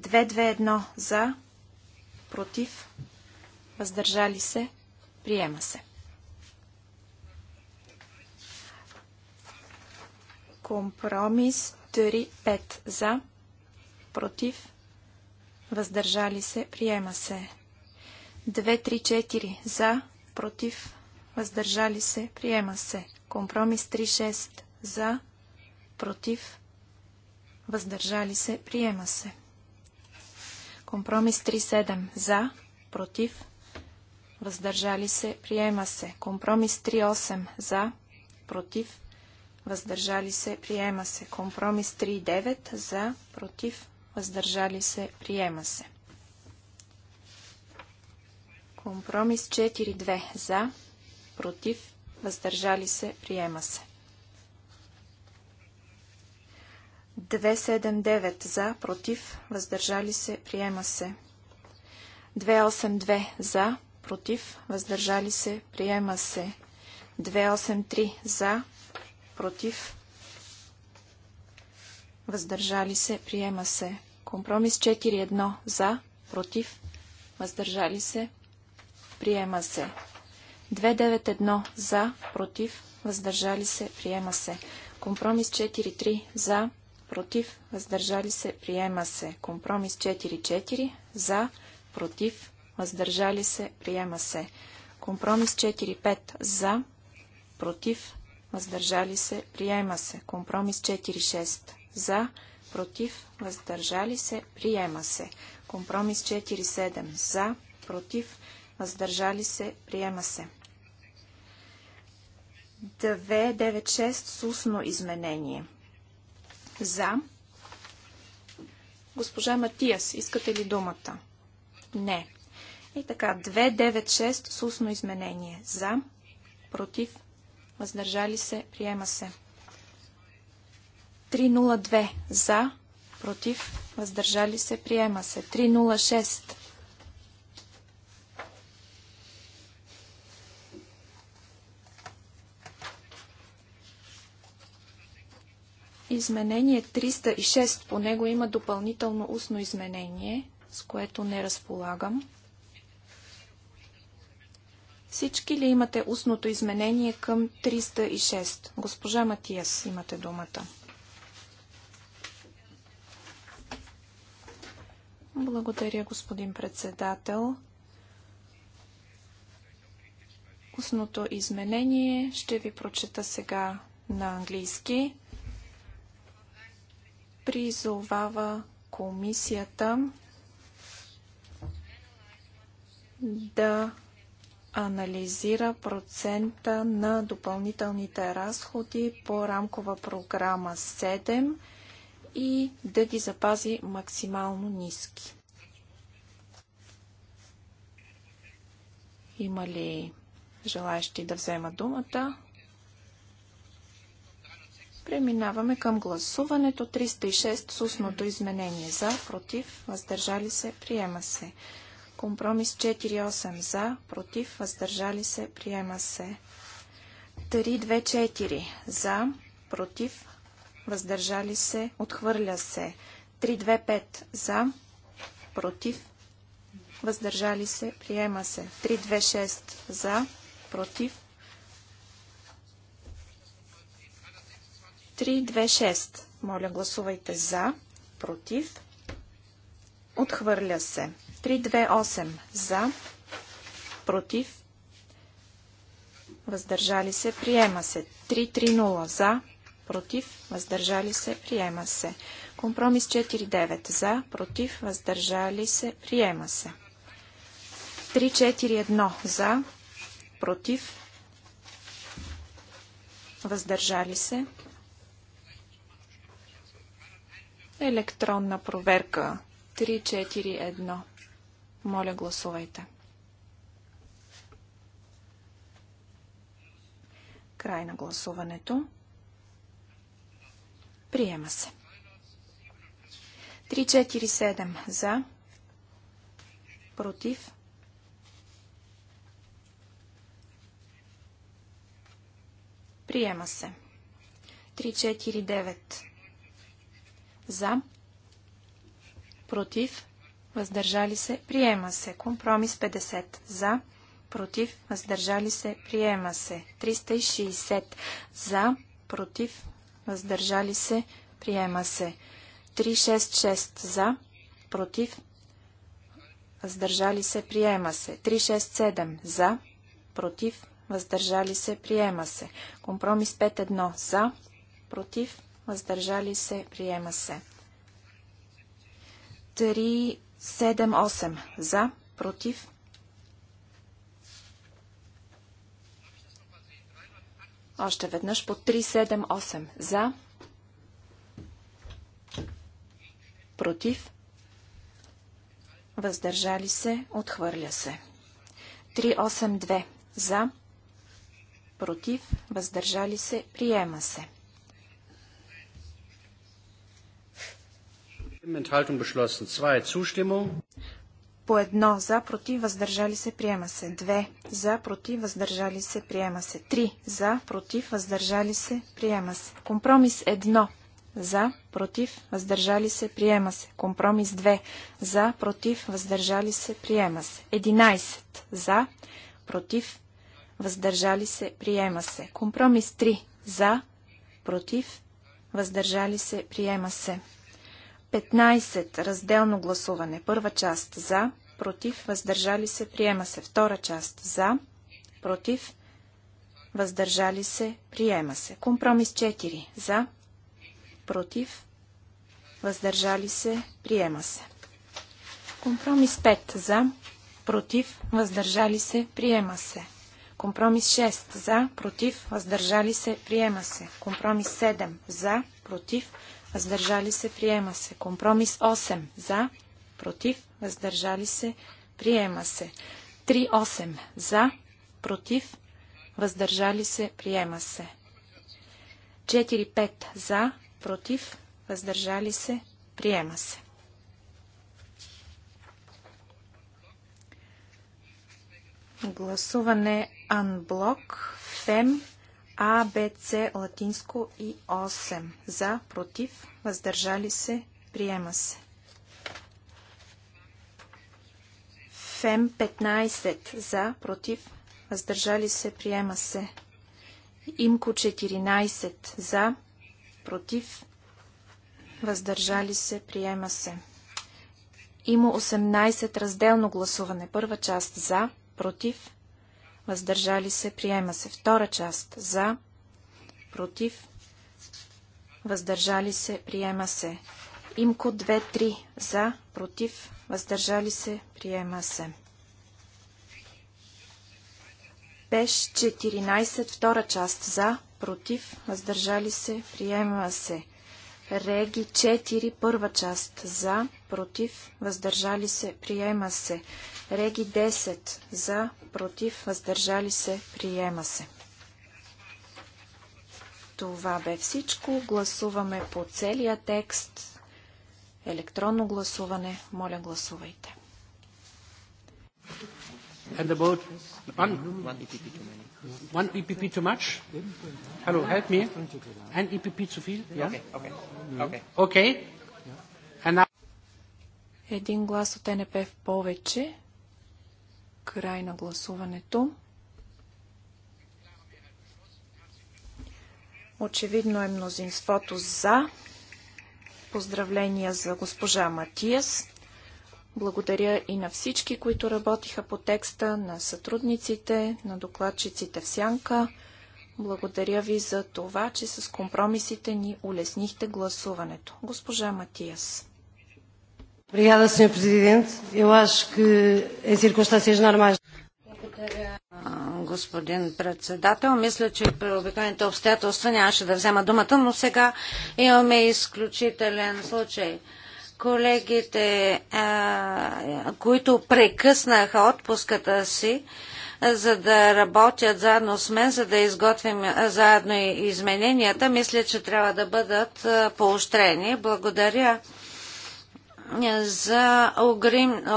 2, 2, 1 за, против, въздържали се, приема се. Компромис 3-5 за, против, въздържали се, приема се. 2-3-4 за, против, въздържали се, приема се. Компромис 3-6 за, против, въздържали се, приема се. Компромис 3.7 за, против, въздържали се, приема се. Компромис 3.8 за, против, въздържали се, приема се. Компромис 3.9 за, против, въздържали се, приема се. Компромис 4.2 за, против, въздържали се, приема се. 279 за, против, въздържали се, приема се. 282 за, против, въздържали се, приема се. 283 за, против, въздържали се, приема се. Компромис 4.1 за, против, въздържали се, приема се. 291 за, против, въздържали се, приема се. Компромис 4.3 за, против, против, въздържали се, приема се. Компромис 4-4, за, против, въздържали се, приема се. Компромис 4-5, за, против, въздържали се, приема се. Компромис 4-6, за, против, въздържали се, приема се. Компромис 4-7, за, против, въздържали се, приема се. 296 с устно изменение. За. Госпожа Матиас, искате ли думата? Не. И така, 296 с устно изменение. За. Против. Въздържали се. Приема се. 302. За. Против. Въздържали се. Приема се. 306. Изменение 306. По него има допълнително устно изменение, с което не разполагам. Всички ли имате устното изменение към 306? Госпожа Матиас, имате думата. Благодаря, господин председател. Устното изменение ще ви прочета сега на английски призовава комисията да анализира процента на допълнителните разходи по рамкова програма 7 и да ги запази максимално ниски. Има ли желаящи да взема думата? Преминаваме към гласуването 306 с устното изменение. За, против, въздържали се, приема се. Компромис 48 за, против, въздържали се, приема се. 324 за, против, въздържали се, отхвърля се. 325 за, против, въздържали се, приема се. 326 за, против, 326. Моля, гласувайте за, против. Отхвърля се. 328. За, против. Въздържали се, приема се. 330. За, против, въздържали се, приема се. Компромис 4-9 за, против, въздържали се, приема се. 3-4-1 за, против, въздържали се, Електронна проверка 341. Моля, гласувайте. Край на гласуването. Приема се. 347 за. Против. Приема се. 349 за. Против. Въздържали се. Приема се. Компромис 50. За. Против. Въздържали се. Приема се. 360. За. Против. Въздържали се. Приема се. 366. За. Против. Въздържали се. Приема се. 367. За. Против въздържали се, приема се. Компромис 5-1 за, против, въздържали се, приема се. 3, 7, 8 за, против. Още веднъж по 3, 7, 8 за, против, въздържали се, отхвърля се. 3-8-2 за, против, въздържали се, приема се. Enthaltung beschlossen. Zustimmung. По едно за, против, въздържали се, приема се. Две за, против, въздържали се, приема се. Три за, против, въздържали се, приема се. Компромис едно за, против, въздържали се, приема се. Компромис 2. За, против, въздържали се, приема се. Единайсет За, против, въздържали се, приема се. Компромис 3. За, против, въздържали се, приема се. 15. Разделно гласуване. Първа част за, против, въздържали се, приема се. Втора част за, против, въздържали се, приема се. Компромис 4. За, против, въздържали се, приема се. Компромис 5. За, против, въздържали се, приема се. Компромис 6. За, против, въздържали се, приема се. Компромис 7. За, против, въздържали се, приема се. Компромис 8 за, против, въздържали се, приема се. 3-8 за, против, въздържали се, приема се. 4-5 за, против, въздържали се, приема се. Гласуване анблок, фем, а, Б, С, латинско и 8. За, против, въздържали се, приема се. ФЕМ 15. За, против, въздържали се, приема се. ИМКО 14. За, против, въздържали се, приема се. Имо 18 разделно гласуване. Първа част за, против, въздържали се, приема се. Втора част за, против, въздържали се, приема се. Имко 2-3 за, против, въздържали се, приема се. Пеш 14, втора част за, против, въздържали се, приема се. Реги 4, първа част за, против, въздържали се, приема се. Реги 10 за, против, въздържали се, приема се. Това бе всичко. Гласуваме по целия текст. Електронно гласуване. Моля, гласувайте. And One, one EPP e too much? Hello, help me. EPP too Yeah? Okay, okay, okay. Okay. Един глас от НПФ повече. Край на гласуването. Очевидно е мнозинството за. Поздравления за госпожа Матиас. Благодаря и на всички, които работиха по текста, на сътрудниците, на докладчиците в Сянка. Благодаря ви за това, че с компромисите ни улеснихте гласуването. Госпожа Матиас. Obrigada, Sr. Presidente. Eu acho que em circunstâncias normais. Господин председател, мисля, че при обикновените обстоятелства нямаше да взема думата, но сега имаме изключителен случай. Колегите, които прекъснаха отпуската си, за да работят заедно с мен, за да изготвим заедно измененията, мисля, че трябва да бъдат поощрени. Благодаря за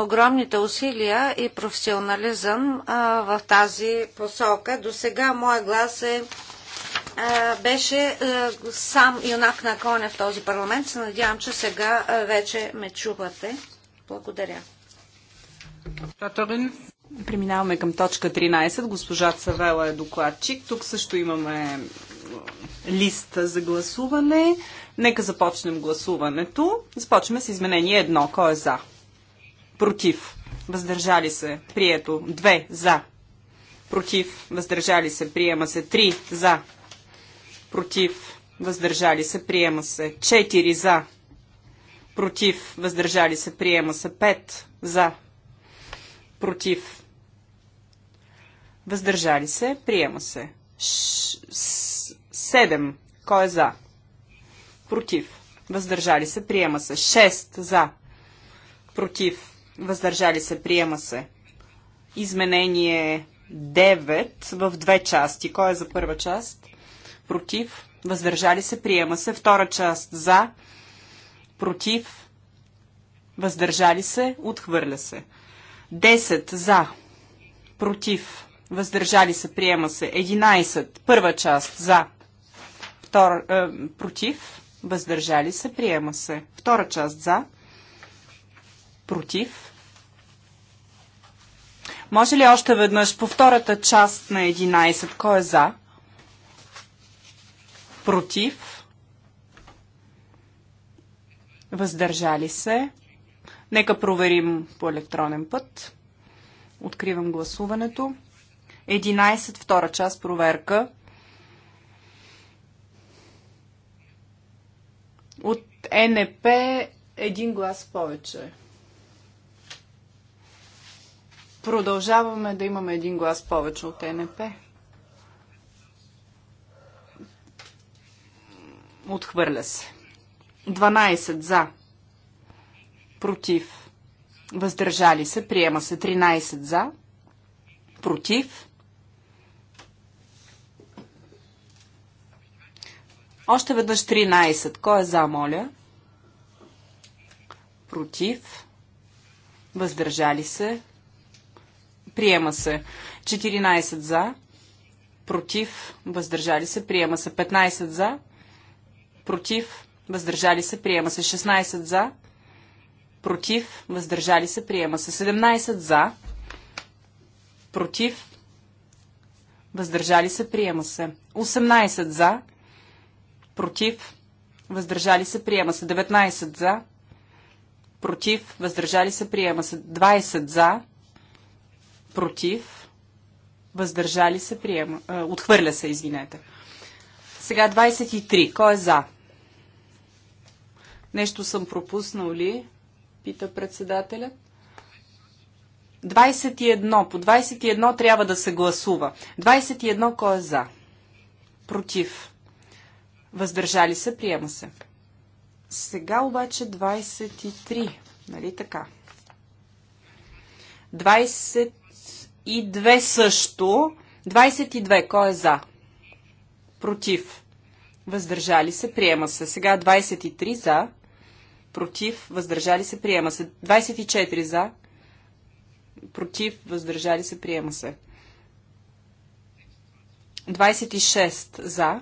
огромните усилия и професионализъм в тази посока. До сега моя глас е, беше сам юнак на коня в този парламент. Се надявам, че сега вече ме чувате. Благодаря. Преминаваме към точка 13. Госпожа Цавела е докладчик. Тук също имаме листа за гласуване. Нека започнем гласуването. Започваме с изменение 1. Кой е за? Против. Въздържали се. Прието. 2. За. Против. Въздържали се. Приема се. 3. За. Против. Въздържали се. Приема се. 4. За. Против. Въздържали се. Приема се. 5. За. Против. Въздържали се. Приема се. 7. Кой е за? против, въздържали се, приема се. 6 за, против, въздържали се, приема се. Изменение 9 в две части. Кой е за първа част? Против, въздържали се, приема се. Втора част за, против, въздържали се, отхвърля се. 10 за, против, въздържали се, приема се. 11 първа част за, втора, е, против, въздържали се, приема се. Втора част за, против. Може ли още веднъж по втората част на 11? Кой е за? Против. Въздържали се. Нека проверим по електронен път. Откривам гласуването. 11, втора част, проверка. От НП един глас повече. Продължаваме да имаме един глас повече от НП. Отхвърля се. 12 за. Против. Въздържали се. Приема се 13 за. Против. Още веднъж 13. Кой е за, моля? Против. Въздържали се. Приема се. 14 за. Против. Въздържали се. Приема се. 15 за. Против. Въздържали се. Приема се. 16 за. Против. Въздържали се. Приема се. 17 за. Против. Въздържали се. Приема се. 18 за. Против против, въздържали се, приема се 19 за, против, въздържали се, приема се 20 за, против, въздържали се, приема, е, отхвърля се, извинете. Сега 23. Кой е за? Нещо съм пропуснал ли? Пита председателят. 21. По 21 трябва да се гласува. 21 кой е за? Против. Въздържали се, приема се. Сега обаче 23, нали така? 22 също. 22, кой е за? Против. Въздържали се, приема се. Сега 23 за. Против, въздържали се, приема се. 24 за. Против, въздържали се, приема се. 26 за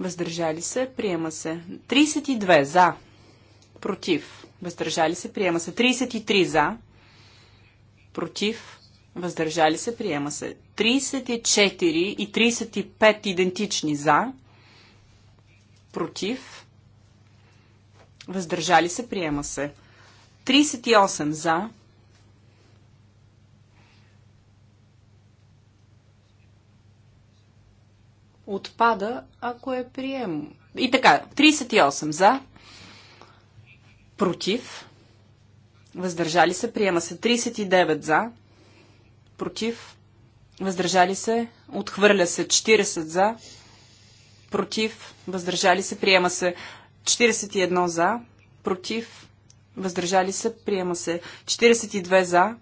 Въздържали се. Приема се. 32 за. Против. Въздържали се. Приема се. 33 за. Против. Въздържали се. Приема се. 34 и 35 идентични за. Против. Въздържали се. Приема се. 38 за отпада, ако е прием. И така, 38 за, против, въздържали се, приема се 39 за, против, въздържали се, отхвърля се 40 за, против, въздържали се, приема се 41 за, против, въздържали се, приема се 42 за,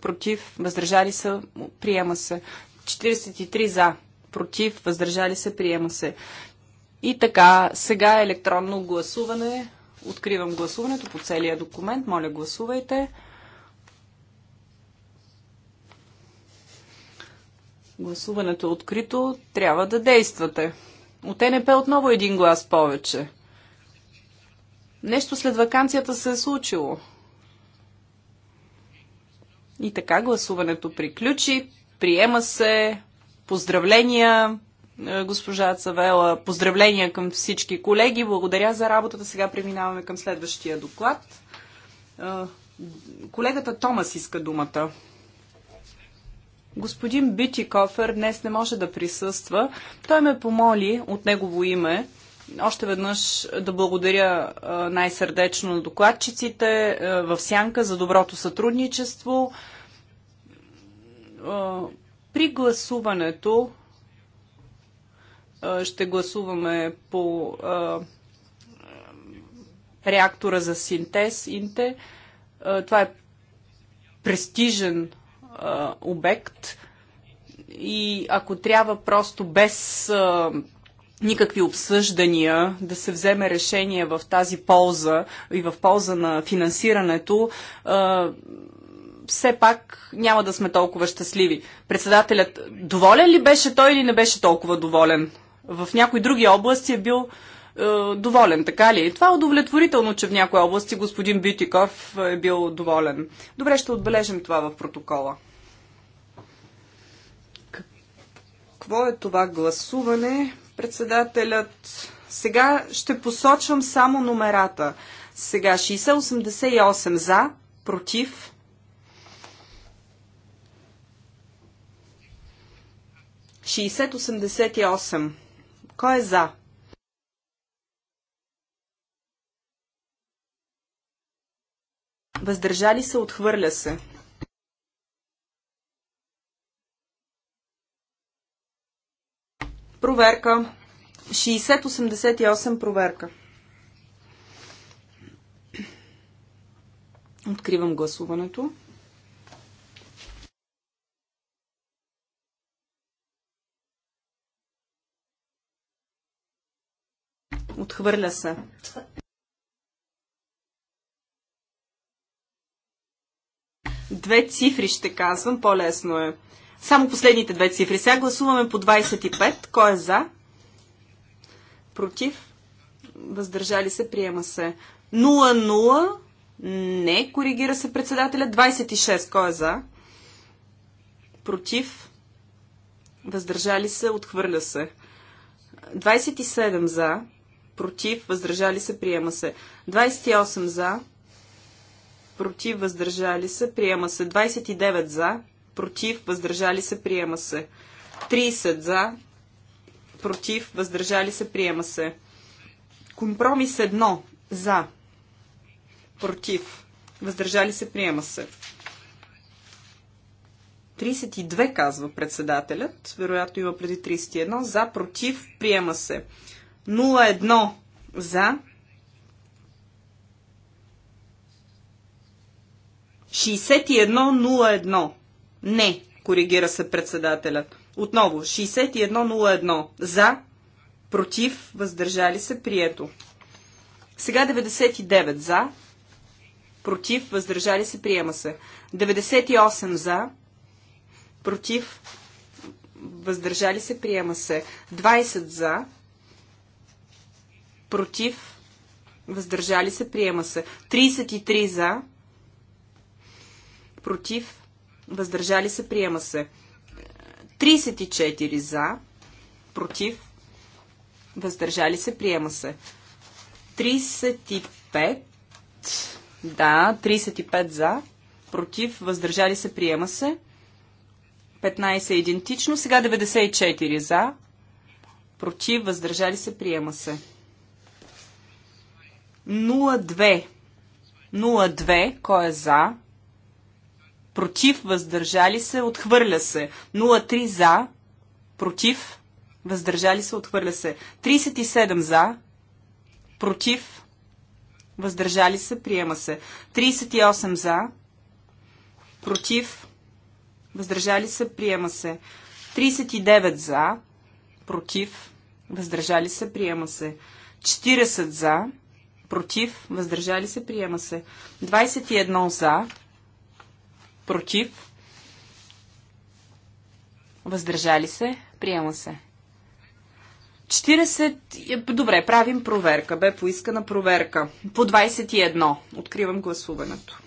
против, въздържали се, приема се 43 за, против, въздържали се, приема се. И така, сега е електронно гласуване. Откривам гласуването по целия документ. Моля, гласувайте. Гласуването е открито. Трябва да действате. От НП отново един глас повече. Нещо след вакансията се е случило. И така гласуването приключи. Приема се Поздравления, е, госпожа Цавела. Поздравления към всички колеги. Благодаря за работата. Сега преминаваме към следващия доклад. Е, колегата Томас иска думата. Господин Битикофер днес не може да присъства. Той ме помоли от негово име още веднъж да благодаря е, най-сърдечно на докладчиците в Сянка за доброто сътрудничество при гласуването ще гласуваме по реактора за синтез Инте. това е престижен обект и ако трябва просто без никакви обсъждания да се вземе решение в тази полза и в полза на финансирането, все пак няма да сме толкова щастливи. Председателят, доволен ли беше той или не беше толкова доволен? В някои други области е бил е, доволен, така ли? Това е удовлетворително, че в някои области господин Бютиков е бил доволен. Добре, ще отбележим това в протокола. Какво е това гласуване? Председателят, сега ще посочвам само номерата. Сега 60-88 за, против 6088. Кой е за? Въздържали се, отхвърля се. Проверка. 6088 проверка. Откривам гласуването. Отхвърля се. Две цифри ще казвам, по-лесно е. Само последните две цифри. Сега гласуваме по 25. Кой е за? Против? Въздържали се, приема се. 0-0. Не, коригира се председателя. 26. Кой е за? Против? Въздържали се, отхвърля се. 27 за против, въздържали се, приема се. 28 за, против, въздържали се, приема се. 29 за, против, въздържали се, приема се. 30 за, против, въздържали се, приема се. Компромис 1 за, против, въздържали се, приема се. 32 казва председателят, вероятно има преди 31, за, против, приема се. 01 за 6101. Не, коригира се председателят. Отново, 6101. За, против, въздържали се, прието. Сега 99 за, против, въздържали се, приема се. 98 за, против, въздържали се, приема се. 20 за, против, въздържали се, приема се. 33 за, против, въздържали се, приема се. 34 за, против, въздържали се, приема се. 35, да, 35 за, против, въздържали се, приема се. 15 е идентично, сега 94 за, против, въздържали се, приема се. 02. 02. Кой е за? Против, въздържали се, отхвърля се. 03 за, против, въздържали се, отхвърля се. 37 за, против, въздържали се, приема се. 38 за, против, въздържали се, приема се. 39 за, против, въздържали се, приема се. 40 за, против, въздържали се, приема се. 21 за, против, въздържали се, приема се. 40... Добре, правим проверка. Бе поискана проверка. По 21. Откривам гласуването.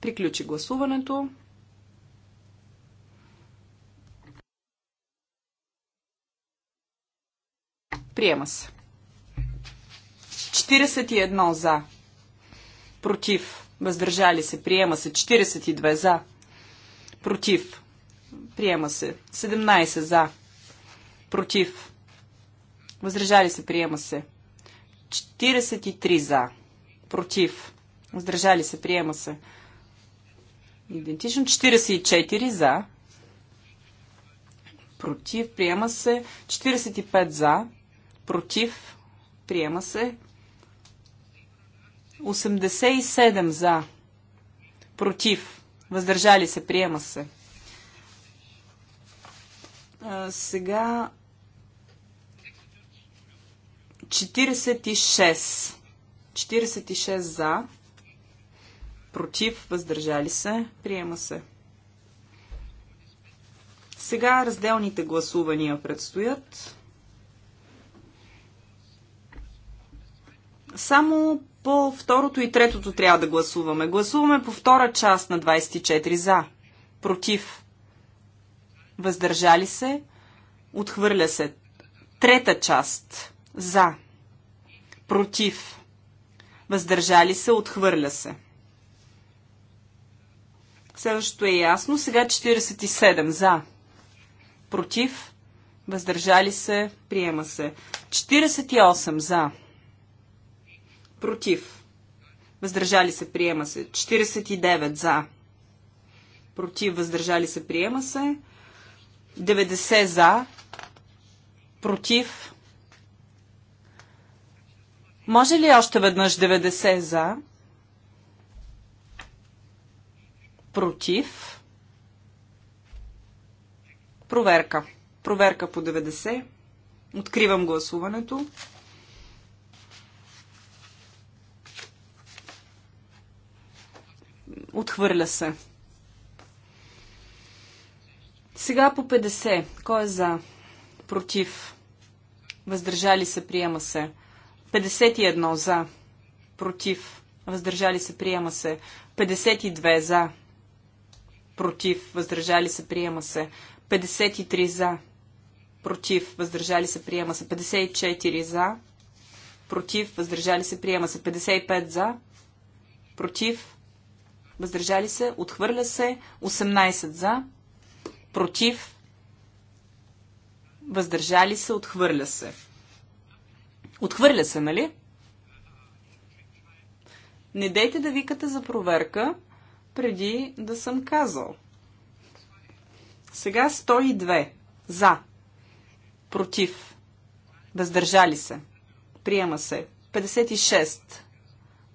Приключи гласуването. Приема се. 41 за. Против. Въздържали се. Приема се. 42 за. Против. Приема се. 17 за. Против. Въздържали се. Приема се. 43 за. Против. Въздържали се. Приема се. Идентично. 44 за. Против. Приема се. 45 за. Против. Приема се. 87 за. Против. Въздържали се. Приема се. А, сега 46. 46 за. Против. Въздържали се. Приема се. Сега разделните гласувания предстоят. Само по второто и третото трябва да гласуваме. Гласуваме по втора част на 24 за. Против. Въздържали се. Отхвърля се. Трета част. За. Против. Въздържали се. Отхвърля се. Следващото е ясно. Сега 47 за. Против. Въздържали се. Приема се. 48 за Против. Въздържали се, приема се. 49 за. Против, въздържали се, приема се. 90 за. Против. Може ли още веднъж 90 за? Против. Проверка. Проверка по 90. Откривам гласуването. Отхвърля се. Сега по 50. Кой е за? Против. Въздържали се, приема се. 51 за. Против. Въздържали се, приема се. 52 за. Против. Въздържали се, приема се. 53 за. Против. Въздържали се, приема се. 54 за. Против. Въздържали се, приема се. 55 за. Против въздържали се, отхвърля се, 18 за, против, въздържали се, отхвърля се. Отхвърля се, нали? Не дейте да викате за проверка преди да съм казал. Сега 102. За. Против. Въздържали се. Приема се. 56.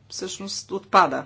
Всъщност отпада.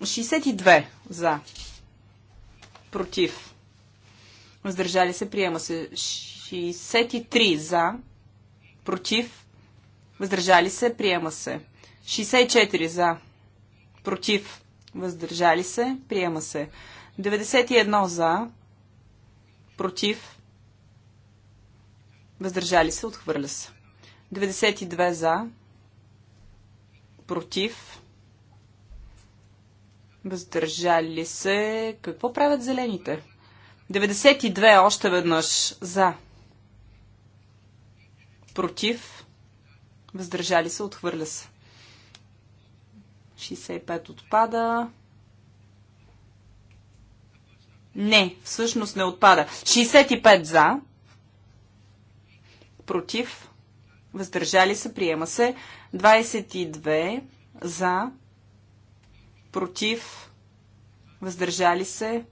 62 за. Против. Въздържали се. Приема се. 63 за. Против. Въздържали се. Приема се. 64 за. Против. Въздържали се. Приема се. 91 за. Против. Въздържали се. Отхвърля се. 92 за. Против Въздържали се. Какво правят зелените? 92 още веднъж. За. Против. Въздържали се. Отхвърля се. 65 отпада. Не, всъщност не отпада. 65 за. Против. Въздържали се. Приема се. 22 за против, въздържали се,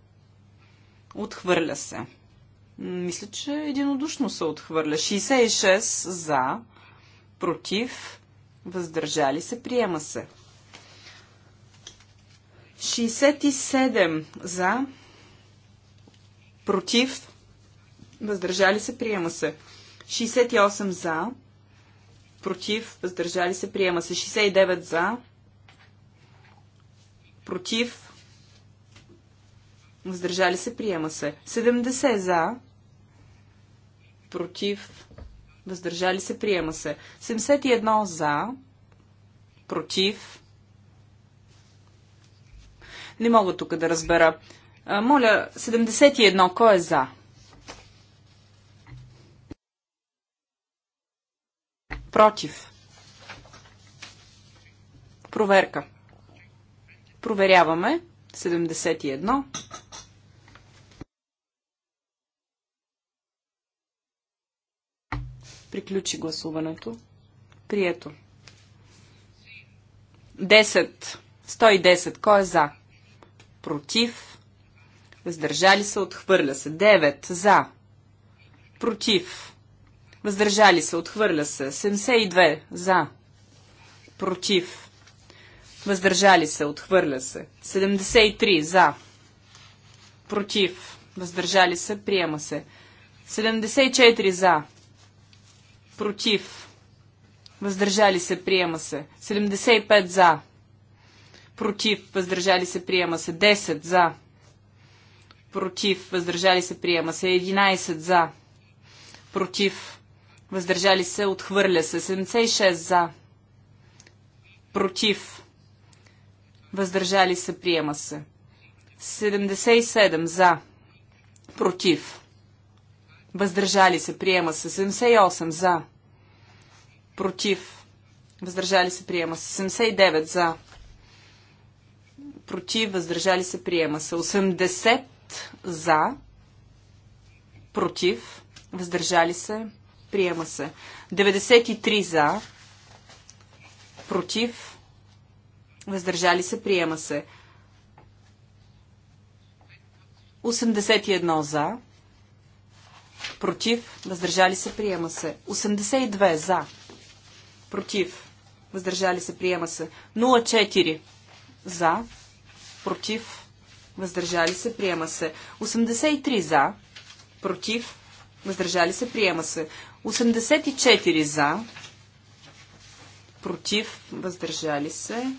отхвърля се. Мисля, че единодушно се отхвърля. 66 за, против, въздържали се, приема се. 67 за, против, въздържали се, приема се. 68 за, против, въздържали се, приема се. 69 за, против, въздържали се, приема се. 70 за, против, въздържали се, приема се. 71 за, против. Не мога тук да разбера. А, моля, 71, кой е за? Против. Проверка. Проверяваме. 71. Приключи гласуването. Прието. 10. 110. Кой е за? Против. Въздържали се. Отхвърля се. 9. За. Против. Въздържали се. Отхвърля се. 72. За. Против Въздържали се. Отхвърля се. 73. За. Против. Въздържали се. Приема се. 74. За. Против. Въздържали се. Приема се. 75. За. Против. Въздържали се. Приема се. 10. За. Против. Въздържали се. Приема се. 11. За. Против. Въздържали се. Отхвърля се. 76. За. Против въздържали се, приема се. 77 за, против, въздържали се, приема се. 78 за, против, въздържали се, приема се. 79 за, против, въздържали се, приема се. 80 за, против, въздържали се, приема се. 93 за, против, Въздържали се, приема се. 81 за. Против. Въздържали се, приема се. 82 за. Против. Въздържали се, приема се. 04 за. Против. Въздържали се, приема се. 83 за. Против. Въздържали се, приема се. 84 за. Против. Въздържали се.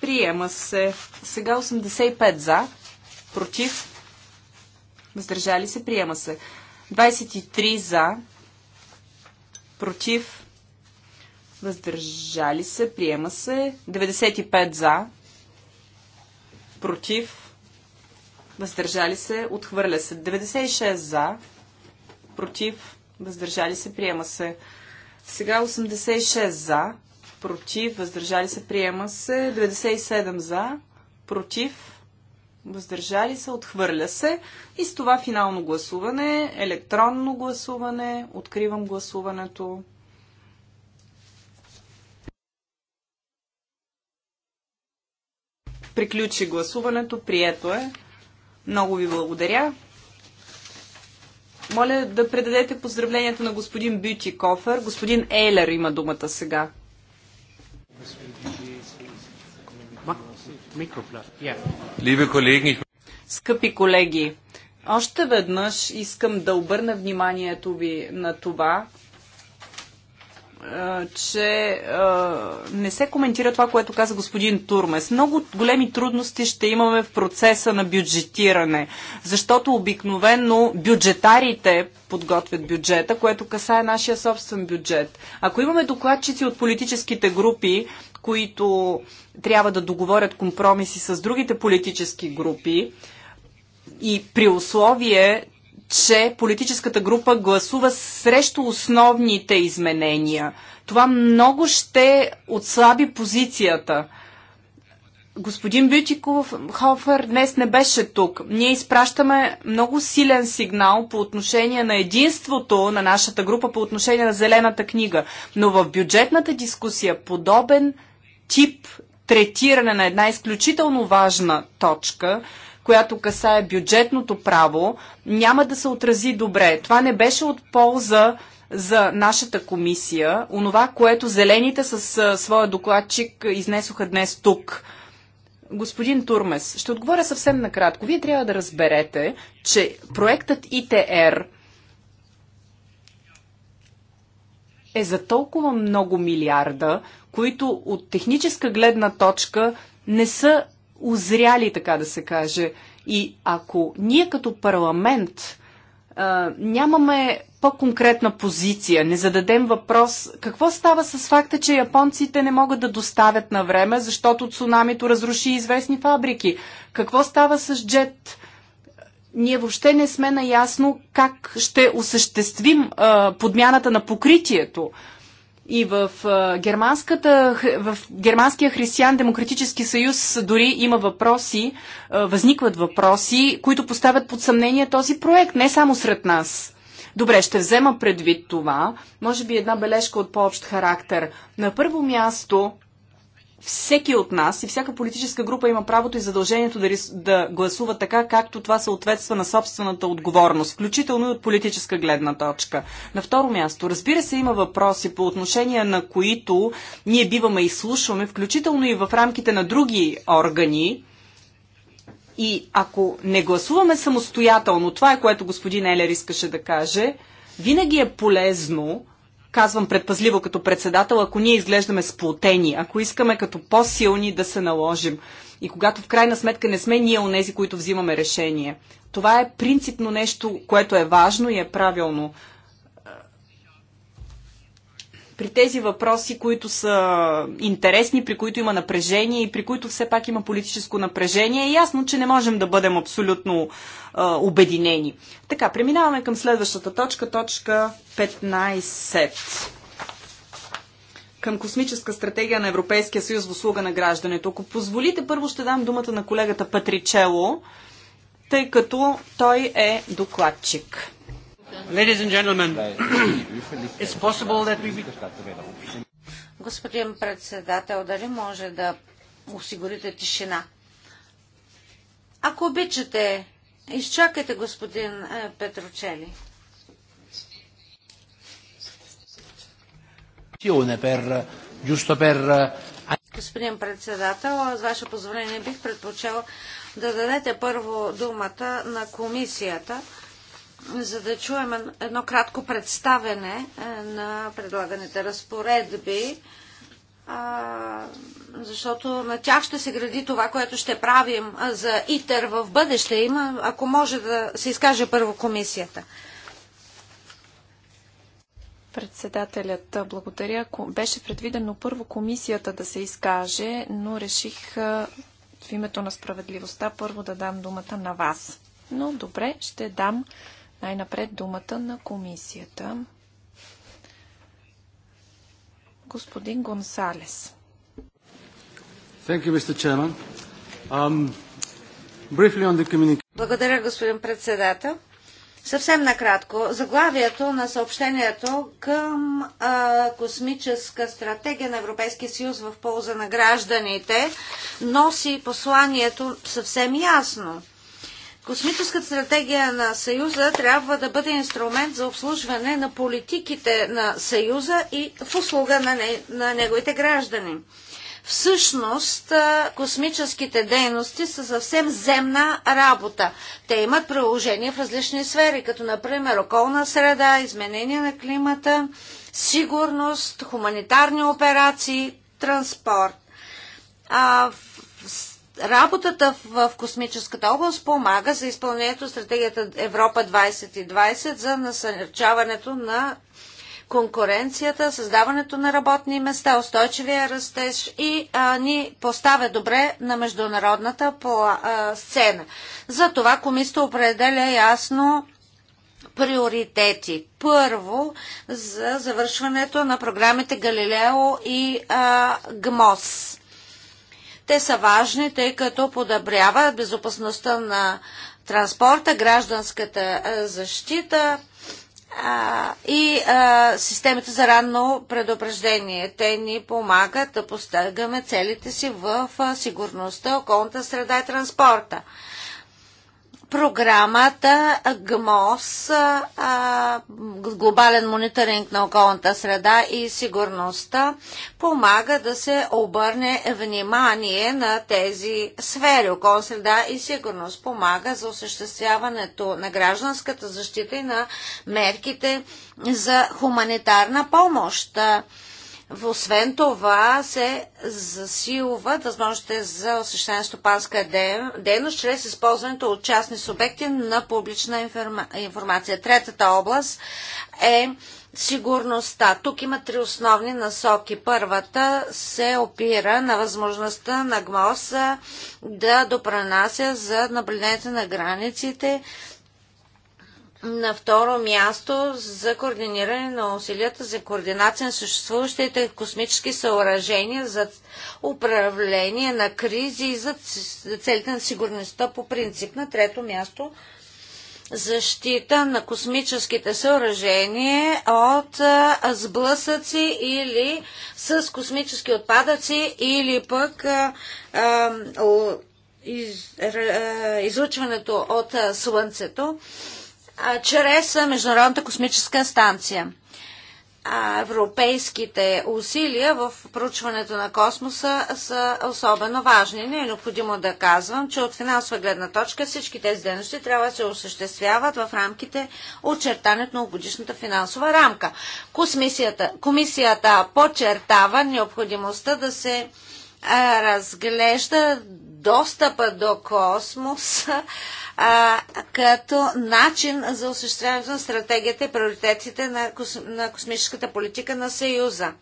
Приема се. Сега 85 за. Против. Въздържали се. Приема се. 23 за. Против. Въздържали се. Приема се. 95 за. Против. Въздържали се. Отхвърля се. 96 за. Против. Въздържали се. Приема се. Сега 86 за против, въздържали се, приема се. 97 за, против, въздържали се, отхвърля се. И с това финално гласуване, електронно гласуване, откривам гласуването. Приключи гласуването, прието е. Много ви благодаря. Моля да предадете поздравлението на господин Бюти Кофер. Господин Ейлер има думата сега. Скъпи колеги, още веднъж искам да обърна вниманието ви на това, че не се коментира това, което каза господин Турмес. Много големи трудности ще имаме в процеса на бюджетиране, защото обикновено бюджетарите подготвят бюджета, което касае нашия собствен бюджет. Ако имаме докладчици от политическите групи, които трябва да договорят компромиси с другите политически групи, и при условие, че политическата група гласува срещу основните изменения. Това много ще отслаби позицията. Господин Бютиков Хофер днес не беше тук. Ние изпращаме много силен сигнал по отношение на единството на нашата група по отношение на Зелената книга. Но в бюджетната дискусия подобен тип третиране на една изключително важна точка – която касае бюджетното право, няма да се отрази добре. Това не беше от полза за нашата комисия, онова, което зелените с своя докладчик изнесоха днес тук. Господин Турмес, ще отговоря съвсем накратко. Вие трябва да разберете, че проектът ИТР е за толкова много милиарда, които от техническа гледна точка не са озряли, така да се каже. И ако ние като парламент а, нямаме по-конкретна позиция, не зададем въпрос какво става с факта, че японците не могат да доставят на време, защото цунамито разруши известни фабрики. Какво става с джет? Ние въобще не сме наясно как ще осъществим а, подмяната на покритието. И в, германската, в Германския християн-демократически съюз дори има въпроси, възникват въпроси, които поставят под съмнение този проект, не само сред нас. Добре, ще взема предвид това. Може би една бележка от по-общ характер. На първо място, всеки от нас и всяка политическа група има правото и задължението да, рис... да гласува така, както това съответства на собствената отговорност, включително и от политическа гледна точка. На второ място, разбира се, има въпроси по отношение на които ние биваме и слушваме, включително и в рамките на други органи, и ако не гласуваме самостоятелно, това е което господин Елер искаше да каже, винаги е полезно казвам предпазливо като председател, ако ние изглеждаме сплотени, ако искаме като по-силни да се наложим и когато в крайна сметка не сме ние онези, които взимаме решение. Това е принципно нещо, което е важно и е правилно. При тези въпроси, които са интересни, при които има напрежение и при които все пак има политическо напрежение, е ясно, че не можем да бъдем абсолютно а, обединени. Така, преминаваме към следващата точка, точка 15. Към космическа стратегия на Европейския съюз в услуга на граждането. Ако позволите, първо ще дам думата на колегата Патричело, тъй като той е докладчик. Ladies and gentlemen, it's possible that we... Господин председател, дали може да осигурите тишина? Ако обичате, Изчакайте, господин е, Петручели. Господин председател, с ваше позволение бих предпочел да дадете първо думата на комисията, за да чуем едно кратко представене е, на предлаганите разпоредби а, защото на тях ще се гради това, което ще правим за ИТЕР в бъдеще. Има, ако може да се изкаже първо комисията. Председателят, благодаря. Беше предвидено първо комисията да се изкаже, но реших в името на справедливостта първо да дам думата на вас. Но добре, ще дам най-напред думата на комисията. Господин Гонсалес. You, um, Благодаря, господин председател. Съвсем накратко, заглавието на съобщението към а, космическа стратегия на Европейския съюз в полза на гражданите носи посланието съвсем ясно. Космическата стратегия на Съюза трябва да бъде инструмент за обслужване на политиките на Съюза и в услуга на, не, на неговите граждани. Всъщност, космическите дейности са съвсем земна работа. Те имат приложение в различни сфери, като например околна среда, изменение на климата, сигурност, хуманитарни операции, транспорт. А, Работата в космическата област помага за изпълнението на стратегията Европа 2020 за насърчаването на конкуренцията, създаването на работни места, устойчивия растеж и а, ни поставя добре на международната пла, а, сцена. Затова комисията определя ясно приоритети. Първо, за завършването на програмите Галилео и а, ГМОС те са важни, тъй като подобряват безопасността на транспорта, гражданската защита и системите за ранно предупреждение. Те ни помагат да постигаме целите си в сигурността, околната среда и транспорта програмата ГМОС, глобален мониторинг на околната среда и сигурността, помага да се обърне внимание на тези сфери. Околна среда и сигурност помага за осъществяването на гражданската защита и на мерките за хуманитарна помощ. Освен това се засилват възможностите за осъщане стопанска дейност чрез използването от частни субекти на публична информация. Третата област е сигурността. Тук има три основни насоки. Първата се опира на възможността на ГМОС да допранася за наблюдението на границите на второ място за координиране на усилията за координация на съществуващите космически съоръжения за управление на кризи и за целите на сигурността по принцип. На трето място защита на космическите съоръжения от сблъсъци или с космически отпадъци или пък а, а, из, а, излучването от Слънцето а, чрез Международната космическа станция. А, европейските усилия в проучването на космоса са особено важни. Не е необходимо да казвам, че от финансова гледна точка всички тези дейности трябва да се осъществяват в рамките очертането на годишната финансова рамка. Космисията, комисията подчертава необходимостта да се разглежда достъпа до космоса а, като начин за осъществяването на стратегията и приоритетите на, кос, на космическата политика на Съюза.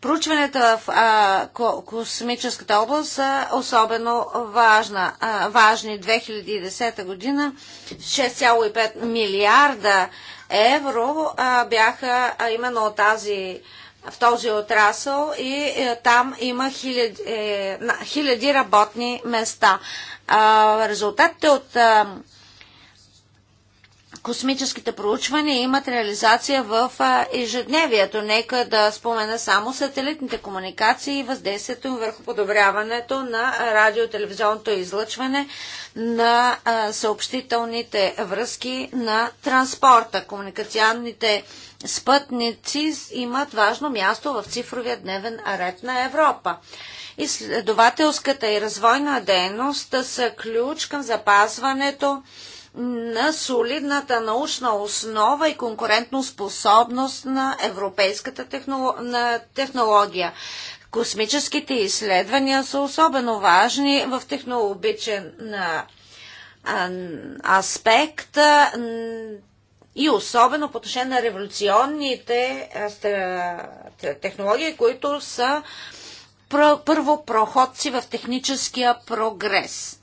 Проучванията в а, космическата област са особено важна, а, важни. 2010 година 6,5 милиарда евро а, бяха а, именно от тази а, в този отрасъл и е, там има хиляди, е, хиляди работни места. резултатите от космическите проучвания имат реализация в ежедневието. Нека да спомена само сателитните комуникации и въздействието им върху подобряването на радиотелевизионното излъчване на съобщителните връзки на транспорта. Комуникационните спътници имат важно място в цифровия дневен ред на Европа. Изследователската и развойна дейност са ключ към запазването на солидната научна основа и конкурентно способност на европейската технолог... на технология. Космическите изследвания са особено важни в технологичен аспект и особено по отношение на революционните технологии, които са първопроходци в техническия прогрес.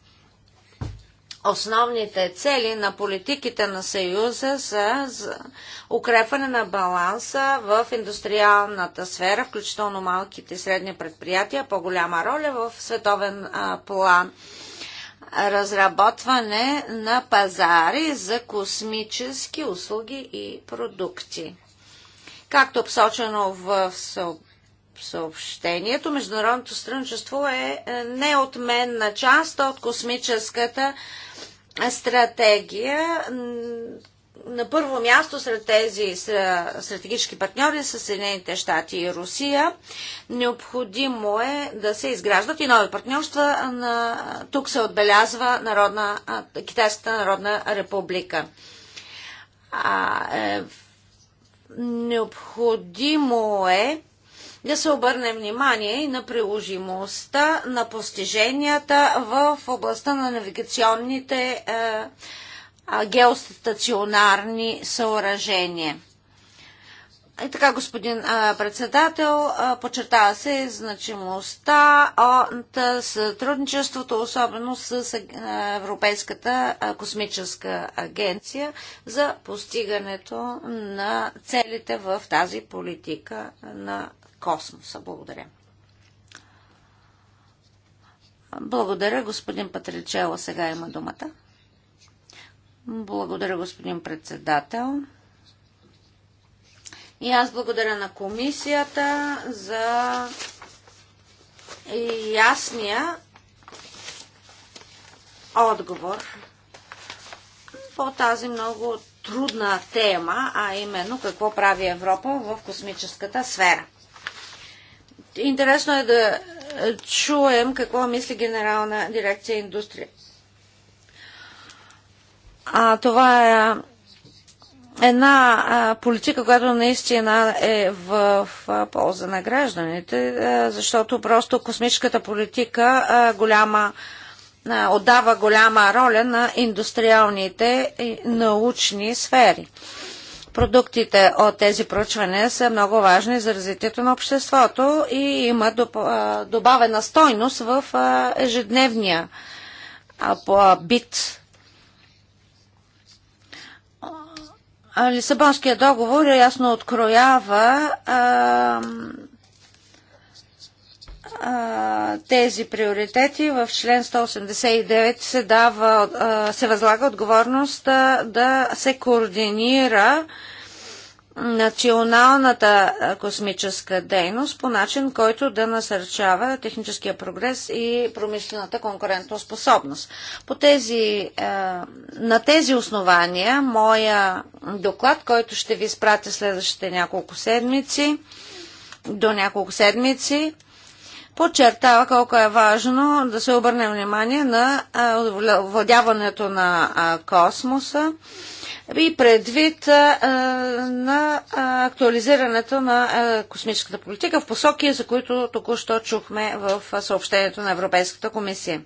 Основните цели на политиките на Съюза са за укрепване на баланса в индустриалната сфера, включително малките и средни предприятия, по-голяма роля в световен план разработване на пазари за космически услуги и продукти. Както посочено в съобщението, международното сътрудничество е, е неотменна част от космическата стратегия. На първо място сред тези стратегически партньори са Съединените щати и Русия. Необходимо е да се изграждат и нови партньорства. На... Тук се отбелязва народна... Китайската народна република. А, е... Необходимо е да се обърне внимание и на приложимостта на постиженията в областта на навигационните е, геостационарни съоръжения. И така, господин а, е, председател, а, е, подчертава се значимостта от сътрудничеството, особено с а, Европейската а, космическа агенция за постигането на целите в тази политика на космоса. Благодаря. Благодаря, господин Патричело. Сега има думата. Благодаря, господин председател. И аз благодаря на комисията за ясния отговор по тази много трудна тема, а именно какво прави Европа в космическата сфера. Интересно е да е, чуем какво мисли Генерална дирекция индустрия. А, това е една а, политика, която наистина е в, в полза на гражданите, а, защото просто космическата политика а, голяма отдава голяма роля на индустриалните и научни сфери. Продуктите от тези проучвания са много важни за развитието на обществото и има добавена стойност в ежедневния бит. Лисабонския договор ясно откроява а, тези приоритети в член 189 се, дава, а, се възлага отговорност а, да се координира националната космическа дейност по начин, който да насърчава техническия прогрес и промишлената конкурентоспособност. По тези, на тези основания моя доклад, който ще ви изпратя следващите няколко седмици, до няколко седмици, подчертава колко е важно да се обърне внимание на владяването на космоса и предвид на актуализирането на космическата политика в посоки, за които току-що чухме в съобщението на Европейската комисия.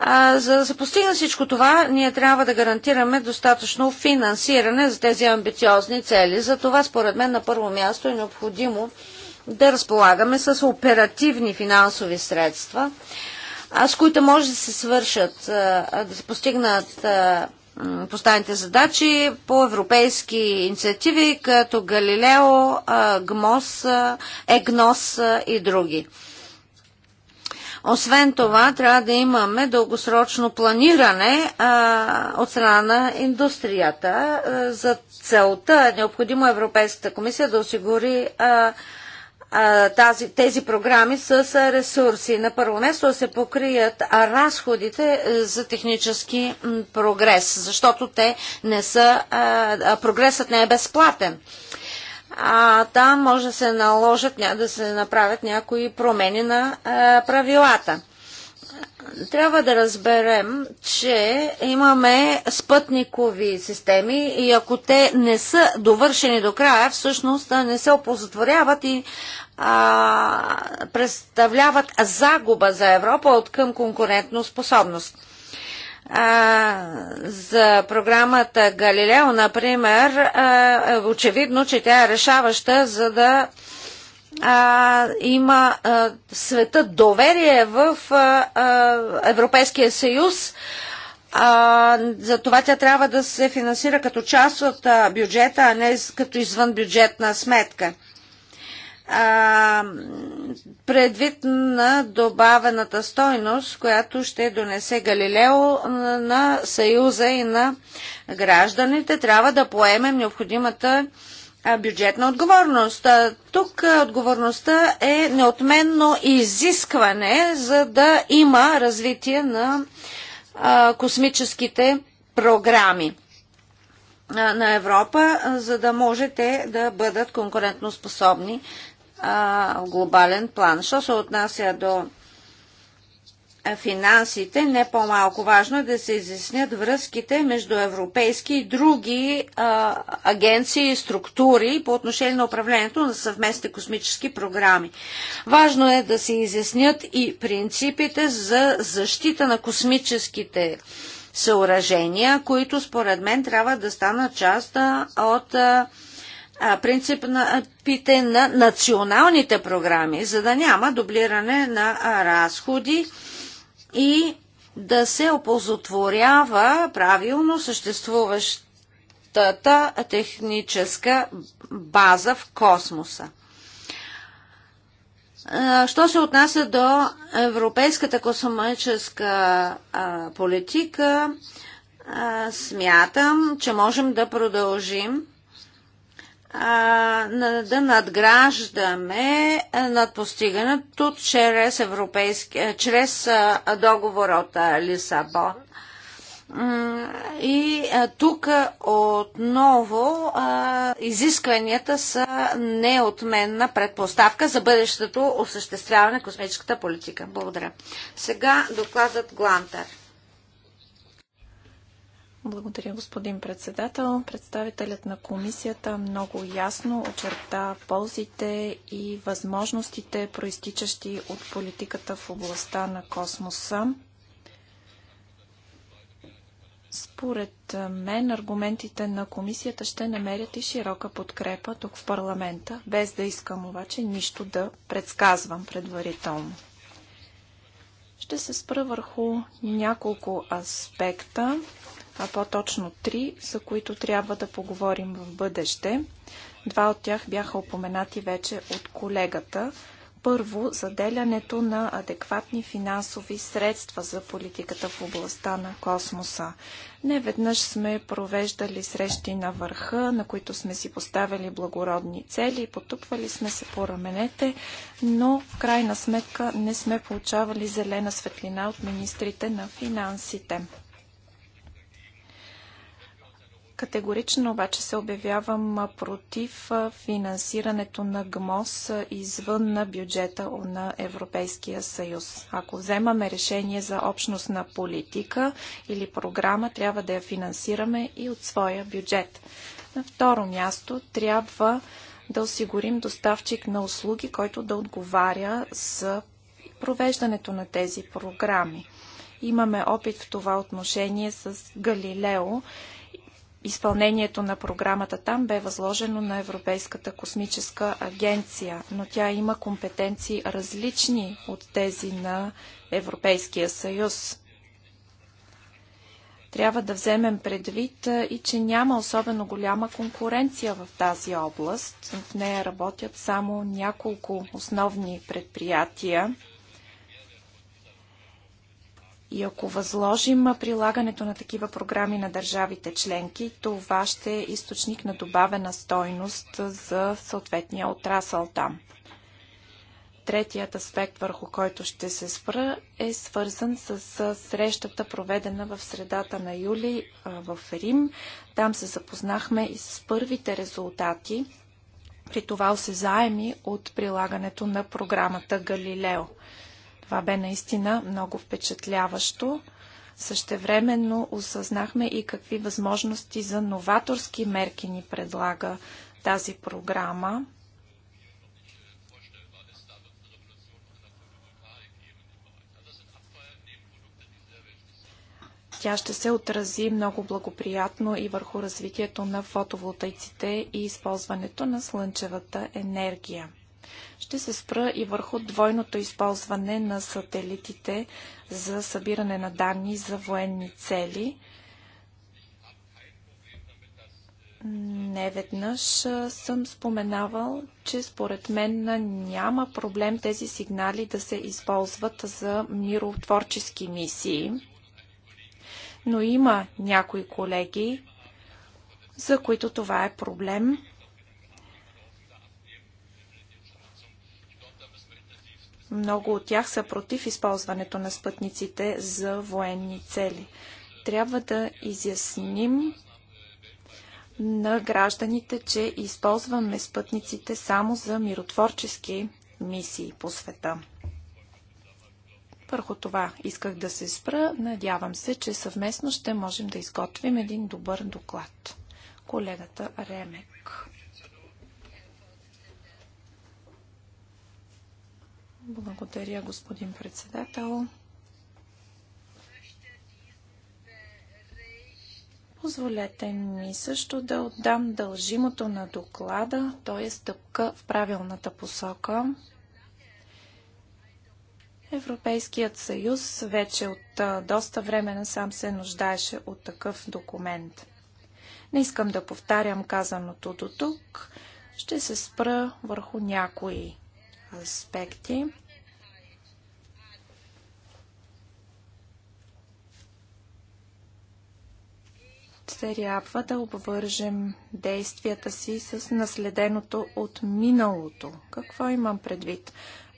А, за да се постигне всичко това, ние трябва да гарантираме достатъчно финансиране за тези амбициозни цели. За това, според мен, на първо място е необходимо да разполагаме с оперативни финансови средства, с които може да се свършат, да се постигнат поставените задачи по европейски инициативи, като Галилео, ГМОС, ЕГНОС и други. Освен това, трябва да имаме дългосрочно планиране а, от страна на индустрията. За целта е необходимо Европейската комисия да осигури а, тази, тези програми с ресурси. На първо место се покрият разходите е, за технически прогрес, защото те не са, прогресът не е безплатен. А там може да се наложат, да се направят някои промени на правилата. Трябва да разберем, че имаме спътникови системи и ако те не са довършени до края, всъщност не се опозотворяват и а, представляват загуба за Европа от към конкурентно способност. А, за програмата Галилео, например, а, е очевидно, че тя е решаваща, за да а, а, има а, света доверие в а, а, Европейския съюз. А, за това тя трябва да се финансира като част от а, бюджета, а не като извън бюджетна сметка. А, предвид на добавената стойност, която ще донесе Галилео на Съюза и на гражданите, трябва да поемем необходимата а, бюджетна отговорност. Тук отговорността е неотменно изискване, за да има развитие на космическите програми на Европа, за да можете да бъдат конкурентоспособни в глобален план. Що се отнася до финансите, не по-малко важно е да се изяснят връзките между европейски и други а, агенции и структури по отношение на управлението на съвместни космически програми. Важно е да се изяснят и принципите за защита на космическите съоръжения, които според мен трябва да станат част от а, принципите на националните програми, за да няма дублиране на разходи и да се опозотворява правилно съществуващата техническа база в космоса. Що се отнася до европейската космическа политика, смятам, че можем да продължим а, да надграждаме над постигането чрез, европейски, чрез договор от Лисабон. И тук отново изискванията са неотменна предпоставка за бъдещото осъществяване на космическата политика. Благодаря. Сега докладът Глантер. Благодаря, господин председател. Представителят на комисията много ясно очерта ползите и възможностите, проистичащи от политиката в областта на космоса. Според мен аргументите на комисията ще намерят и широка подкрепа тук в парламента, без да искам обаче нищо да предсказвам предварително. Ще се спра върху няколко аспекта, а по-точно три, за които трябва да поговорим в бъдеще. Два от тях бяха упоменати вече от колегата. Първо, заделянето на адекватни финансови средства за политиката в областта на космоса. Не веднъж сме провеждали срещи на върха, на които сме си поставили благородни цели, потупвали сме се по раменете, но в крайна сметка не сме получавали зелена светлина от министрите на финансите. Категорично обаче се обявявам против финансирането на ГМОС извън на бюджета на Европейския съюз. Ако вземаме решение за общност на политика или програма, трябва да я финансираме и от своя бюджет. На второ място трябва да осигурим доставчик на услуги, който да отговаря за провеждането на тези програми. Имаме опит в това отношение с Галилео Изпълнението на програмата там бе възложено на Европейската космическа агенция, но тя има компетенции различни от тези на Европейския съюз. Трябва да вземем предвид и, че няма особено голяма конкуренция в тази област. В нея работят само няколко основни предприятия. И ако възложим прилагането на такива програми на държавите членки, това ще е източник на добавена стойност за съответния отрасъл там. Третият аспект, върху който ще се спра, е свързан с срещата, проведена в средата на юли в Рим. Там се запознахме и с първите резултати, при това осезаеми от прилагането на програмата Галилео. Това бе наистина много впечатляващо. Същевременно осъзнахме и какви възможности за новаторски мерки ни предлага тази програма. Тя ще се отрази много благоприятно и върху развитието на фотоволтайците и използването на слънчевата енергия. Ще се спра и върху двойното използване на сателитите за събиране на данни за военни цели. Не веднъж съм споменавал, че според мен няма проблем тези сигнали да се използват за миротворчески мисии. Но има някои колеги, за които това е проблем. Много от тях са против използването на спътниците за военни цели. Трябва да изясним на гражданите, че използваме спътниците само за миротворчески мисии по света. Върху това исках да се спра. Надявам се, че съвместно ще можем да изготвим един добър доклад. Колегата Ремек. Благодаря, господин председател. Позволете ми също да отдам дължимото на доклада, той е стъпка в правилната посока. Европейският съюз вече от доста време насам се нуждаеше от такъв документ. Не искам да повтарям казаното до тук, ще се спра върху някои аспекти. Трябва да обвържем действията си с наследеното от миналото. Какво имам предвид?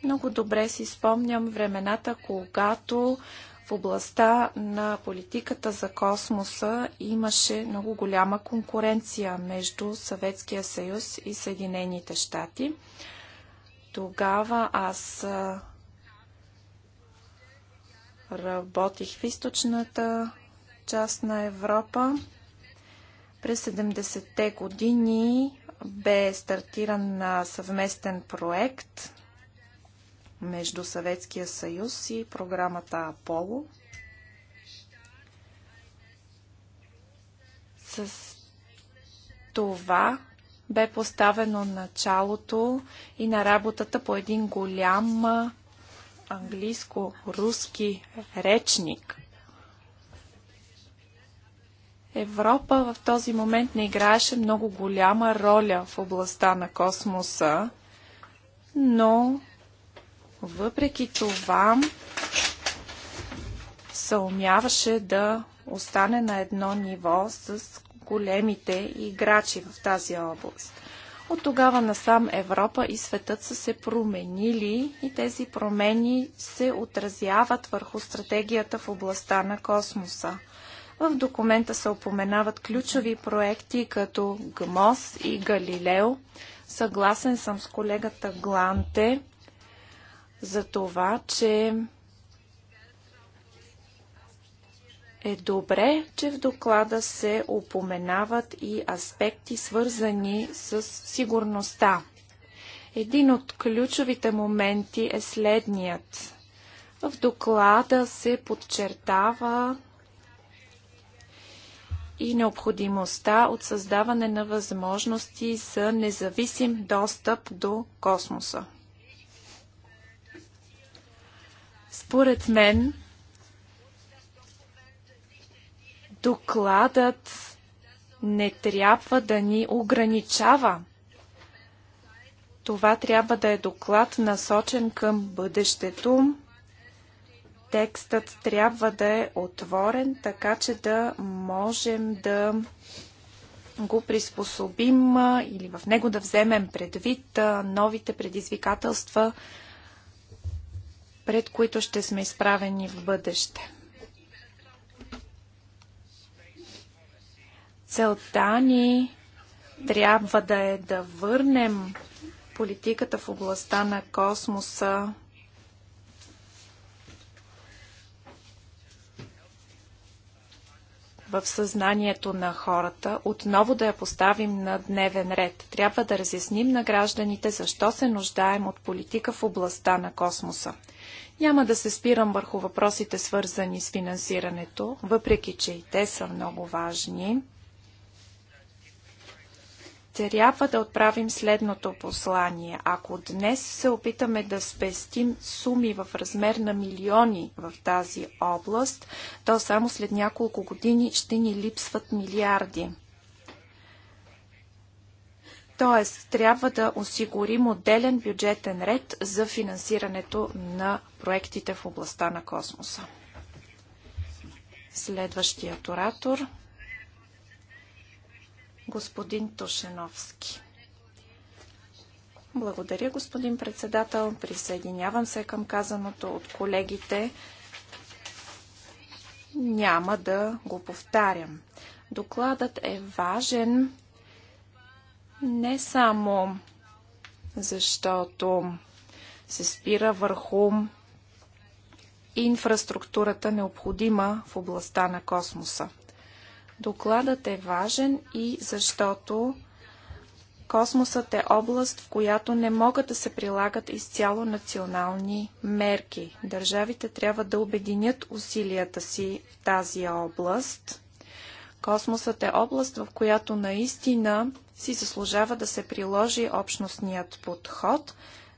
Много добре си спомням времената, когато в областта на политиката за космоса имаше много голяма конкуренция между Съветския съюз и Съединените щати. Тогава аз работих в източната част на Европа. През 70-те години бе стартиран на съвместен проект между Съветския съюз и програмата Аполо. С това бе поставено началото и на работата по един голям английско-руски речник. Европа в този момент не играеше много голяма роля в областта на космоса, но въпреки това съумяваше да остане на едно ниво с големите играчи в тази област. От тогава насам Европа и светът са се променили и тези промени се отразяват върху стратегията в областта на космоса. В документа се опоменават ключови проекти като ГМОС и Галилео. Съгласен съм с колегата Гланте за това, че е добре, че в доклада се упоменават и аспекти, свързани с сигурността. Един от ключовите моменти е следният. В доклада се подчертава и необходимостта от създаване на възможности за независим достъп до космоса. Според мен, Докладът не трябва да ни ограничава. Това трябва да е доклад насочен към бъдещето. Текстът трябва да е отворен, така че да можем да го приспособим или в него да вземем предвид новите предизвикателства, пред които ще сме изправени в бъдеще. Целта ни трябва да е да върнем политиката в областта на космоса в съзнанието на хората, отново да я поставим на дневен ред. Трябва да разясним на гражданите защо се нуждаем от политика в областта на космоса. Няма да се спирам върху въпросите, свързани с финансирането, въпреки че и те са много важни трябва да отправим следното послание. Ако днес се опитаме да спестим суми в размер на милиони в тази област, то само след няколко години ще ни липсват милиарди. Тоест, трябва да осигурим отделен бюджетен ред за финансирането на проектите в областта на космоса. Следващият оратор – господин Тошеновски. Благодаря, господин председател. Присъединявам се към казаното от колегите. Няма да го повтарям. Докладът е важен не само защото се спира върху инфраструктурата необходима в областта на космоса. Докладът е важен и защото космосът е област, в която не могат да се прилагат изцяло национални мерки. Държавите трябва да обединят усилията си в тази област. Космосът е област, в която наистина си заслужава да се приложи общностният подход.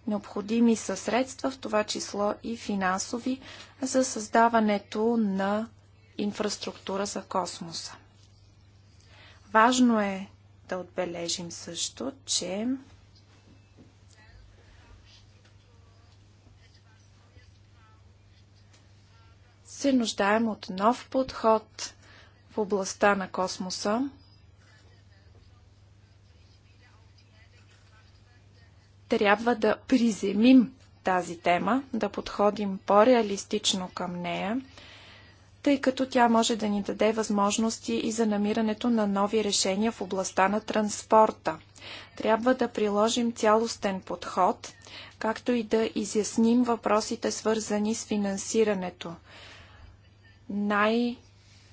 Необходими са средства, в това число и финансови, за създаването на инфраструктура за космоса. Важно е да отбележим също, че се нуждаем от нов подход в областта на космоса. Трябва да приземим тази тема, да подходим по-реалистично към нея, тъй като тя може да ни даде възможности и за намирането на нови решения в областта на транспорта. Трябва да приложим цялостен подход, както и да изясним въпросите, свързани с финансирането. Най-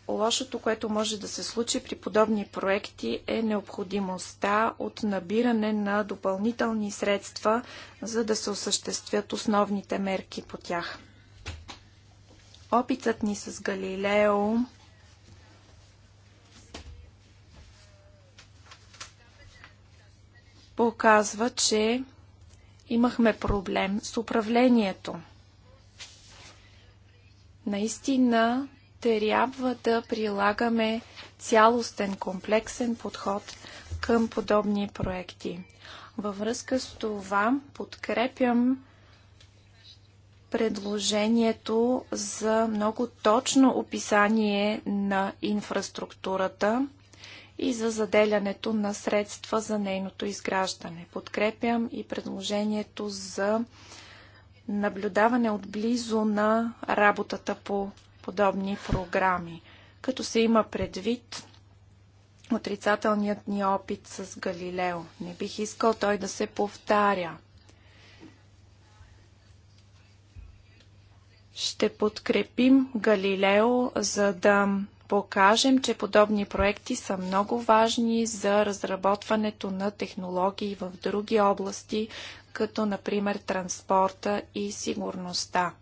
лошото, което може да се случи при подобни проекти е необходимостта от набиране на допълнителни средства, за да се осъществят основните мерки по тях. Опитът ни с Галилео показва, че имахме проблем с управлението. Наистина трябва да прилагаме цялостен комплексен подход към подобни проекти. Във връзка с това подкрепям предложението за много точно описание на инфраструктурата и за заделянето на средства за нейното изграждане. Подкрепям и предложението за наблюдаване отблизо на работата по подобни програми, като се има предвид отрицателният ни опит с Галилео. Не бих искал той да се повтаря – Ще подкрепим Галилео, за да покажем, че подобни проекти са много важни за разработването на технологии в други области, като например транспорта и сигурността.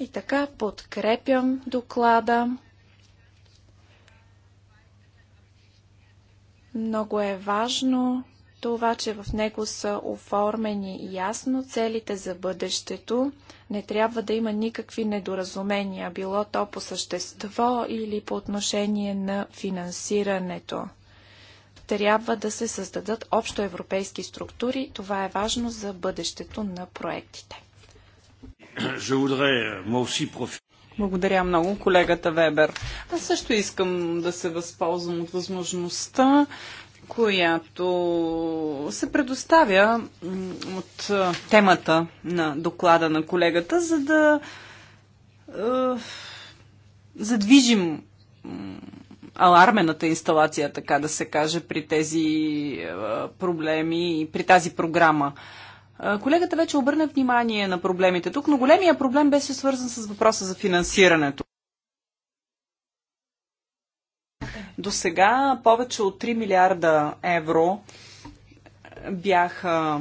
И така подкрепям доклада. Много е важно това, че в него са оформени ясно целите за бъдещето. Не трябва да има никакви недоразумения, било то по същество или по отношение на финансирането. Трябва да се създадат общоевропейски структури. Това е важно за бъдещето на проектите. Благодаря много, колегата Вебер. Аз също искам да се възползвам от възможността, която се предоставя от е, темата на доклада на колегата, за да е, задвижим алармената инсталация, така да се каже, при тези е, проблеми и при тази програма. Е, Колегата вече обърна внимание на проблемите тук, но големия проблем беше свързан с въпроса за финансирането. До сега повече от 3 милиарда евро бяха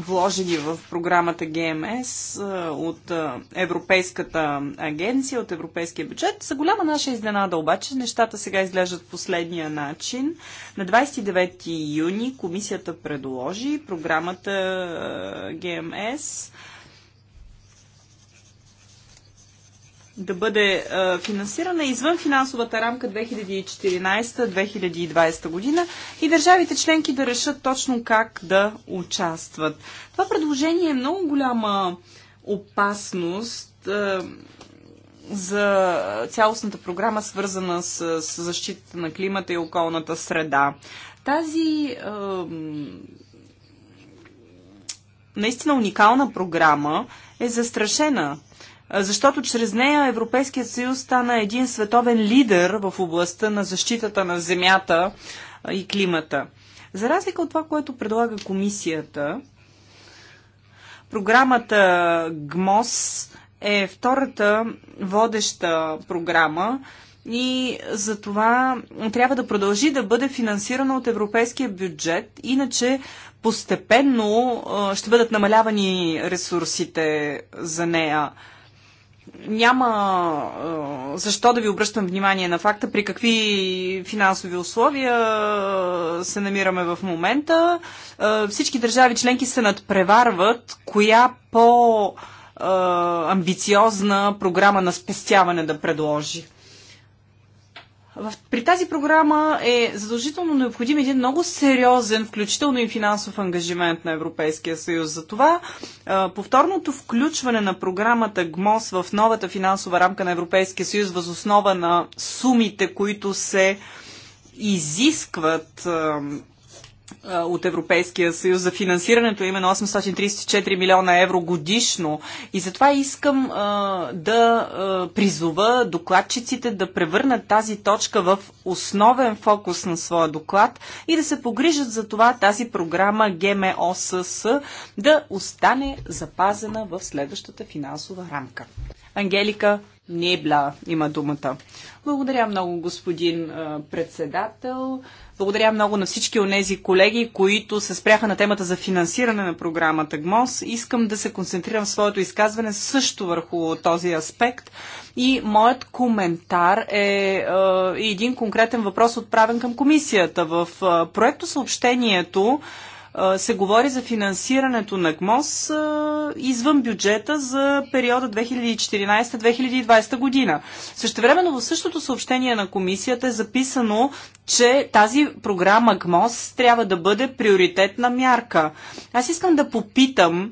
вложени в програмата ГМС от Европейската агенция, от Европейския бюджет. За голяма наша изненада обаче нещата сега изглеждат последния начин. На 29 юни комисията предложи програмата ГМС да бъде а, финансирана извън финансовата рамка 2014-2020 година и държавите членки да решат точно как да участват. Това предложение е много голяма опасност а, за цялостната програма, свързана с, с защита на климата и околната среда. Тази а, наистина уникална програма е застрашена защото чрез нея Европейският съюз стана един световен лидер в областта на защитата на земята и климата. За разлика от това, което предлага комисията, програмата ГМОС е втората водеща програма и за това трябва да продължи да бъде финансирана от европейския бюджет, иначе постепенно ще бъдат намалявани ресурсите за нея няма защо да ви обръщам внимание на факта при какви финансови условия се намираме в момента. Всички държави членки се надпреварват коя по амбициозна програма на спестяване да предложи. При тази програма е задължително необходим един много сериозен, включително и финансов ангажимент на Европейския съюз. Затова повторното включване на програмата ГМОС в новата финансова рамка на Европейския съюз възоснова на сумите, които се изискват от Европейския съюз за финансирането, е именно 834 милиона евро годишно. И затова искам а, да а, призова докладчиците да превърнат тази точка в основен фокус на своя доклад и да се погрижат за това тази програма ГМОСС да остане запазена в следващата финансова рамка. Ангелика Небла е има думата. Благодаря много, господин председател. Благодаря много на всички от тези колеги, които се спряха на темата за финансиране на програмата ГМОС. Искам да се концентрирам в своето изказване също върху този аспект. И моят коментар е, а, един конкретен въпрос отправен към комисията. В проекто съобщението се говори за финансирането на КМОС извън бюджета за периода 2014-2020 година. времено в същото съобщение на комисията е записано, че тази програма КМОС трябва да бъде приоритетна мярка. Аз искам да попитам,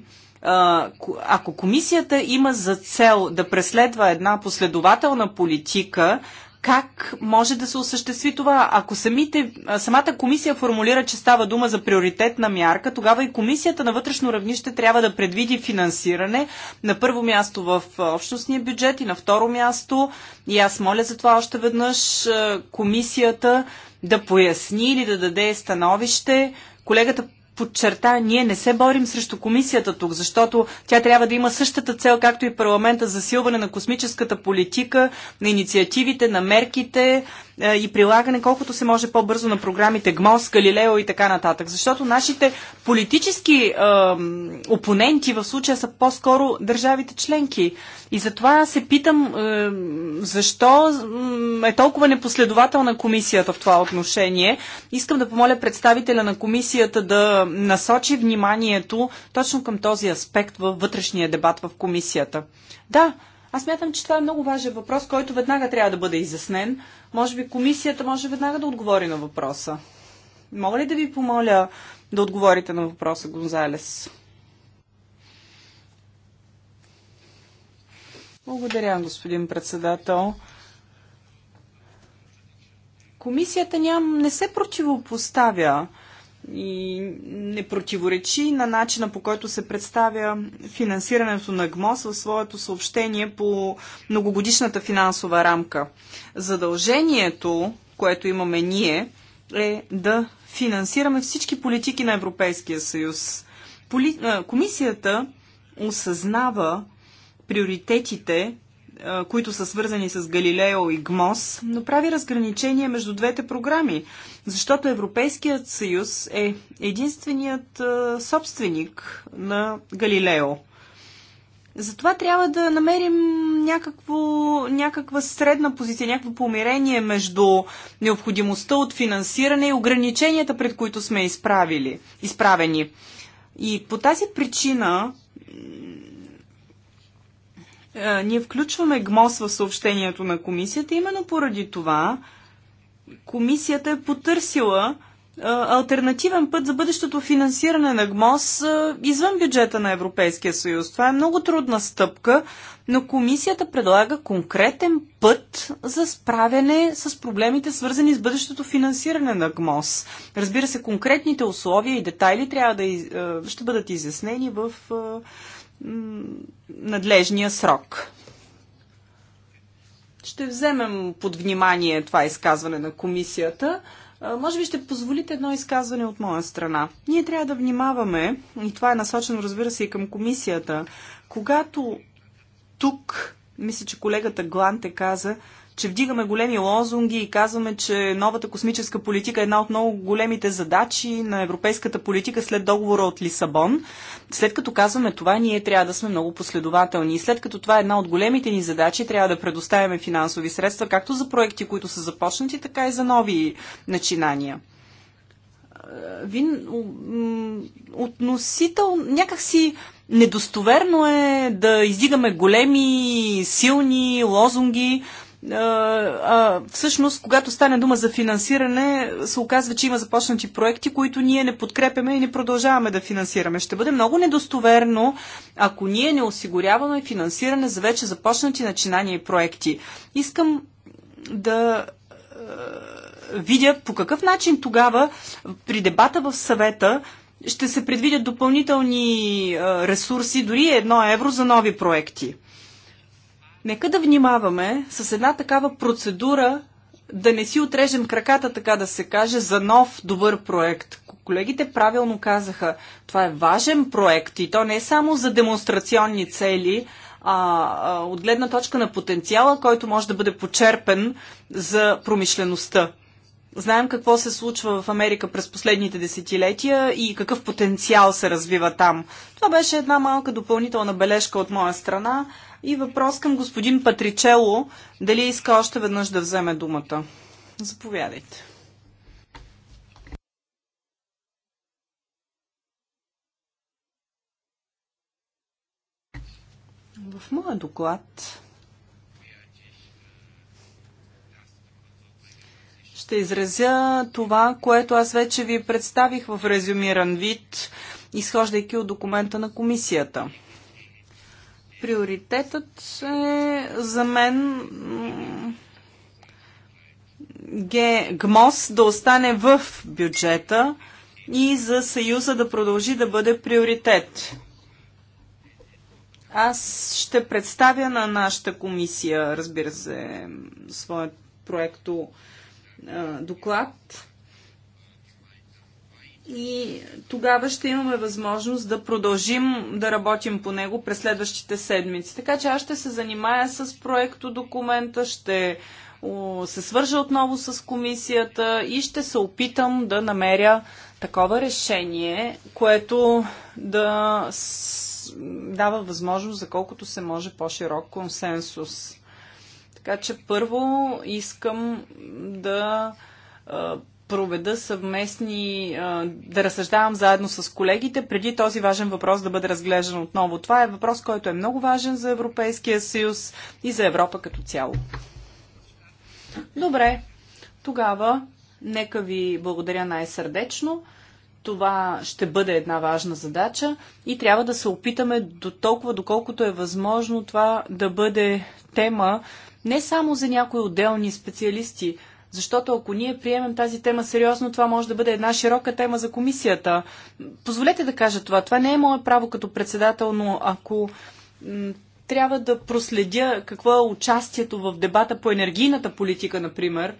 ако комисията има за цел да преследва една последователна политика, как може да се осъществи това? Ако самите, самата комисия формулира, че става дума за приоритетна мярка, тогава и комисията на вътрешно равнище трябва да предвиди финансиране на първо място в общностния бюджет и на второ място, и аз моля за това още веднъж, комисията да поясни или да даде становище. Колегата подчерта, ние не се борим срещу комисията тук, защото тя трябва да има същата цел, както и парламента, засилване на космическата политика, на инициативите, на мерките, е, и прилагане колкото се може по-бързо на програмите ГМОС, Галилео и така нататък. Защото нашите политически е, опоненти в случая са по-скоро държавите членки. И затова се питам е, защо е толкова непоследователна комисията в това отношение. Искам да помоля представителя на комисията да насочи вниманието точно към този аспект във вътрешния дебат в комисията. Да, аз мятам, че това е много важен въпрос, който веднага трябва да бъде изяснен. Може би комисията може веднага да отговори на въпроса. Мога ли да ви помоля да отговорите на въпроса, Гонзалес? Благодаря, господин председател. Комисията ням, не се противопоставя и не противоречи на начина по който се представя финансирането на ГМОС в своето съобщение по многогодишната финансова рамка. Задължението, което имаме ние, е да финансираме всички политики на Европейския съюз. Поли... Комисията осъзнава приоритетите които са свързани с Галилео и ГМОС, но прави разграничение между двете програми, защото Европейският съюз е единственият собственик на Галилео. Затова трябва да намерим някакво, някаква средна позиция, някакво помирение между необходимостта от финансиране и ограниченията, пред които сме изправили, изправени. И по тази причина е, ние включваме ГМОС в съобщението на комисията. Именно поради това комисията е потърсила е, альтернативен път за бъдещото финансиране на ГМОС е, извън бюджета на Европейския съюз. Това е много трудна стъпка, но комисията предлага конкретен път за справяне с проблемите, свързани с бъдещото финансиране на ГМОС. Разбира се, конкретните условия и детайли трябва да, ще бъдат изяснени в надлежния срок. Ще вземем под внимание това изказване на комисията. Може би ще позволите едно изказване от моя страна. Ние трябва да внимаваме, и това е насочено, разбира се, и към комисията, когато тук, мисля, че колегата Гланте каза, че вдигаме големи лозунги и казваме, че новата космическа политика е една от много големите задачи на европейската политика след договора от Лисабон. След като казваме това, ние трябва да сме много последователни. И след като това е една от големите ни задачи, трябва да предоставяме финансови средства, както за проекти, които са започнати, така и за нови начинания е, вин, относител, някакси недостоверно е да издигаме големи, силни лозунги, всъщност, когато стане дума за финансиране, се оказва, че има започнати проекти, които ние не подкрепяме и не продължаваме да финансираме. Ще бъде много недостоверно, ако ние не осигуряваме финансиране за вече започнати начинания и проекти. Искам да видя по какъв начин тогава при дебата в съвета ще се предвидят допълнителни ресурси, дори едно евро за нови проекти. Нека да внимаваме с една такава процедура да не си отрежем краката, така да се каже, за нов добър проект. Колегите правилно казаха, това е важен проект и то не е само за демонстрационни цели, а, а от гледна точка на потенциала, който може да бъде почерпен за промишлеността. Знаем какво се случва в Америка през последните десетилетия и какъв потенциал се развива там. Това беше една малка допълнителна бележка от моя страна. И въпрос към господин Патричело, дали иска още веднъж да вземе думата. Заповядайте. В моя доклад ще изразя това, което аз вече ви представих в резюмиран вид, изхождайки от документа на комисията – Приоритетът е за мен ГМОС да остане в бюджета и за Съюза да продължи да бъде приоритет. Аз ще представя на нашата комисия, разбира се, своят проекто доклад и тогава ще имаме възможност да продължим да работим по него през следващите седмици. Така че аз ще се занимая с проекто документа, ще се свържа отново с комисията и ще се опитам да намеря такова решение, което да дава възможност за колкото се може по-широк консенсус. Така че първо искам да проведа съвместни, да разсъждавам заедно с колегите, преди този важен въпрос да бъде разглеждан отново. Това е въпрос, който е много важен за Европейския съюз и за Европа като цяло. Добре, тогава нека ви благодаря най-сърдечно. Това ще бъде една важна задача и трябва да се опитаме до толкова, доколкото е възможно това да бъде тема не само за някои отделни специалисти, защото ако ние приемем тази тема сериозно, това може да бъде една широка тема за комисията. Позволете да кажа това. Това не е мое право като председател, но ако трябва да проследя какво е участието в дебата по енергийната политика, например,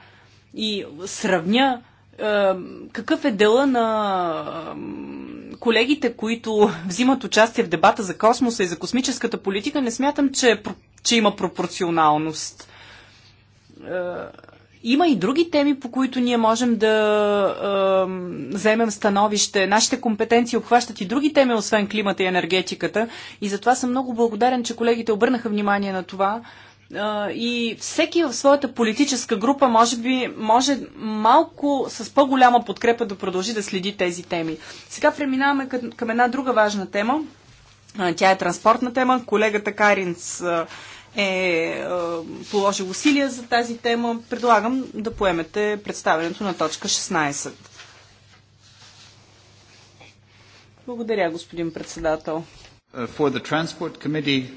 и сравня е, какъв е дела на е, колегите, които взимат участие в дебата за космоса и за космическата политика, не смятам, че, е че има пропорционалност. Е, има и други теми, по които ние можем да е, вземем становище. Нашите компетенции обхващат и други теми, освен климата и енергетиката. И затова съм много благодарен, че колегите обърнаха внимание на това. Е, и всеки в своята политическа група, може би, може малко с по-голяма подкрепа да продължи да следи тези теми. Сега преминаваме към, към една друга важна тема. Тя е транспортна тема. Колегата Каринс. Е, е, е положил усилия за тази тема, предлагам да поемете представенето на точка 16. Благодаря, господин председател. Uh,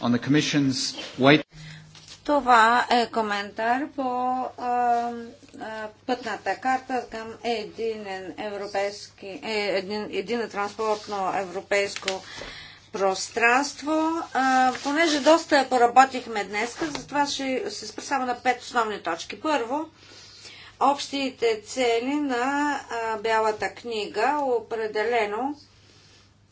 uh това е коментар по а, а, пътната карта към е, един европейски, един, един, транспортно европейско пространство. А, понеже доста поработихме днес, затова ще се спра само на пет основни точки. Първо, общите цели на а, Бялата книга определено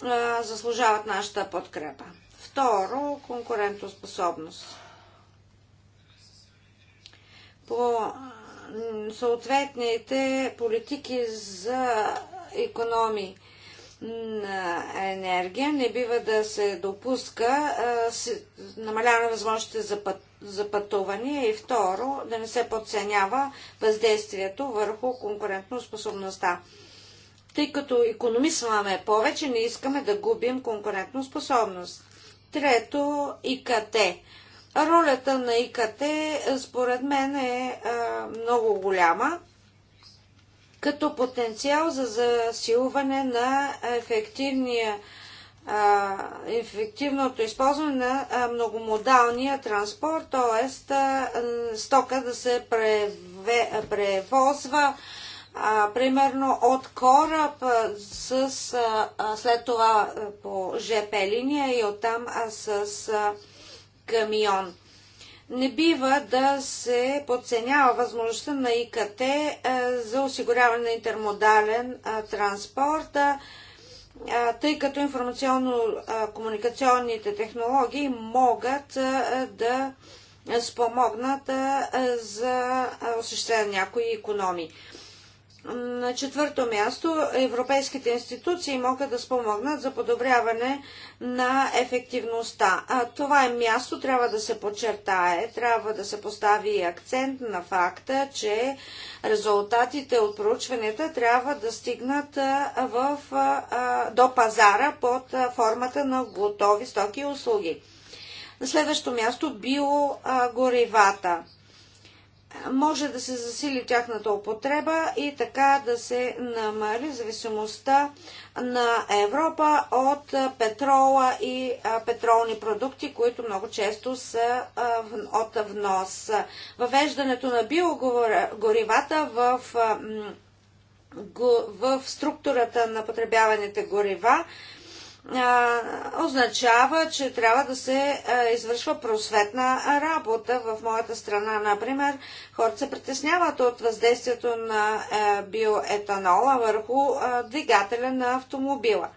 а, заслужават нашата подкрепа. Второ, конкурентоспособност. По съответните политики за економии на енергия. Не бива да се допуска намаляване на възможностите за, път, за пътуване и второ, да не се подценява въздействието върху способността. Тъй като економисваме повече, не искаме да губим способност. Трето, ИКТ. Ролята на ИКТ е, според мен е много голяма като потенциал за засилване на ефективния ефективното използване на многомодалния транспорт, т.е. стока да се превозва примерно от кораб с, а, след това по ЖП линия и оттам с камион. Не бива да се подценява възможността на ИКТ е, за осигуряване на интермодален е, транспорт, е, тъй като информационно-комуникационните технологии могат да спомогнат за осъществяване на някои економии. На четвърто място, европейските институции могат да спомогнат за подобряване на ефективността. А, това е място, трябва да се подчертае, трябва да се постави акцент на факта, че резултатите от проучванията трябва да стигнат в, до пазара под формата на готови стоки и услуги. На следващо място биогоривата може да се засили тяхната употреба и така да се намали зависимостта на Европа от петрола и петролни продукти, които много често са от внос. Въвеждането на биогоривата в в структурата на потребяваните горива а, означава, че трябва да се а, извършва просветна работа в моята страна. Например, хората се притесняват от въздействието на а, биоетанола върху а, двигателя на автомобила.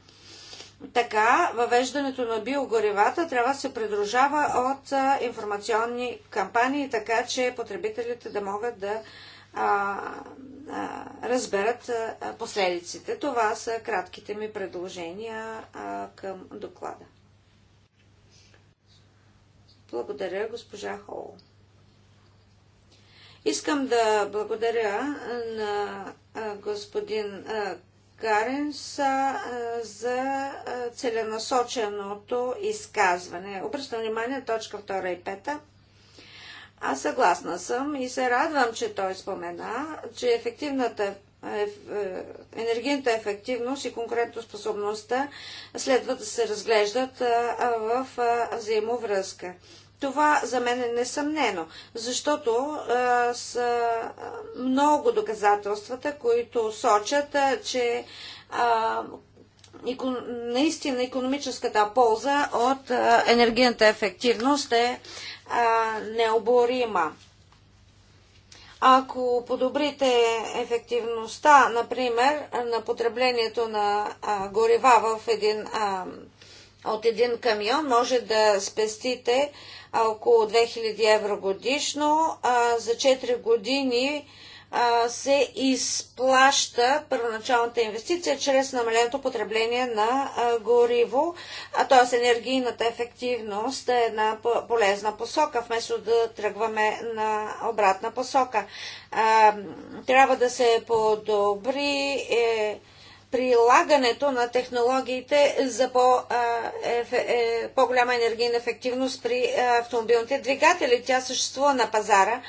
Така, въвеждането на биогоривата трябва да се придружава от а, информационни кампании, така че потребителите да могат да а, разберат последиците. Това са кратките ми предложения към доклада. Благодаря, госпожа Хол. Искам да благодаря на господин Каренс за целенасоченото изказване. Обръщам внимание точка 2 и 5. Аз съгласна съм и се радвам, че той спомена, че ефективната е, енергийната ефективност и конкурентоспособността следва да се разглеждат в взаимовръзка. Това за мен е несъмнено, защото са много доказателствата, които сочат, че наистина економическата полза от енергийната ефективност е а, необорима. Ако подобрите ефективността, например, на потреблението на а, горива в един, а, от един камион, може да спестите около 2000 евро годишно. А, за 4 години се изплаща първоначалната инвестиция чрез намаленото потребление на гориво, а т.е. енергийната ефективност е една полезна посока, вместо да тръгваме на обратна посока. Трябва да се подобри е, прилагането на технологиите за по, е, голяма енергийна ефективност при автомобилните двигатели. Тя съществува на пазара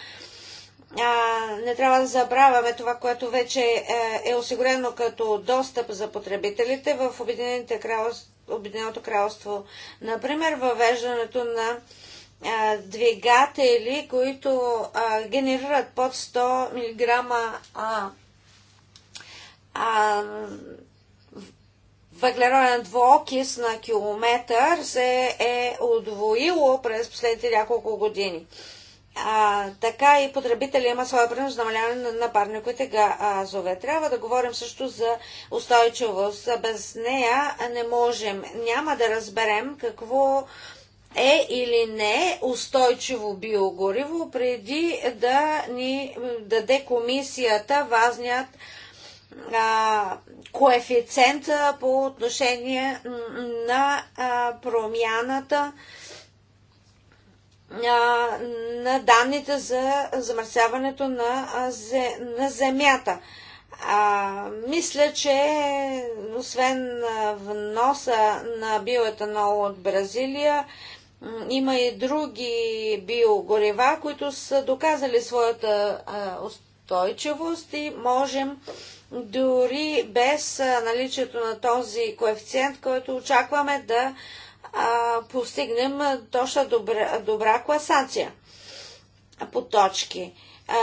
а, не трябва да забравяме това, което вече е, е осигурено като достъп за потребителите в Обединените кралство, Обединеното кралство. Например, въвеждането на а, двигатели, които а, генерират под 100 мг а, а, въглероден двуокис на километър се е удвоило през последните няколко години. А, а, така и потребителя има своя принос за намаляване на, на парниковите газове. Трябва да говорим също за устойчивост. Без нея не можем. Няма да разберем какво е или не устойчиво биогориво преди да ни даде комисията важният а, коефициент по отношение на а, промяната а, на данните за замърсяването на, на земята. А, мисля, че освен вноса на биоетанол от Бразилия, има и други биогорева, които са доказали своята устойчивост и можем дори без наличието на този коефициент, който очакваме да а, постигнем точно добра, добра класация по точки. А,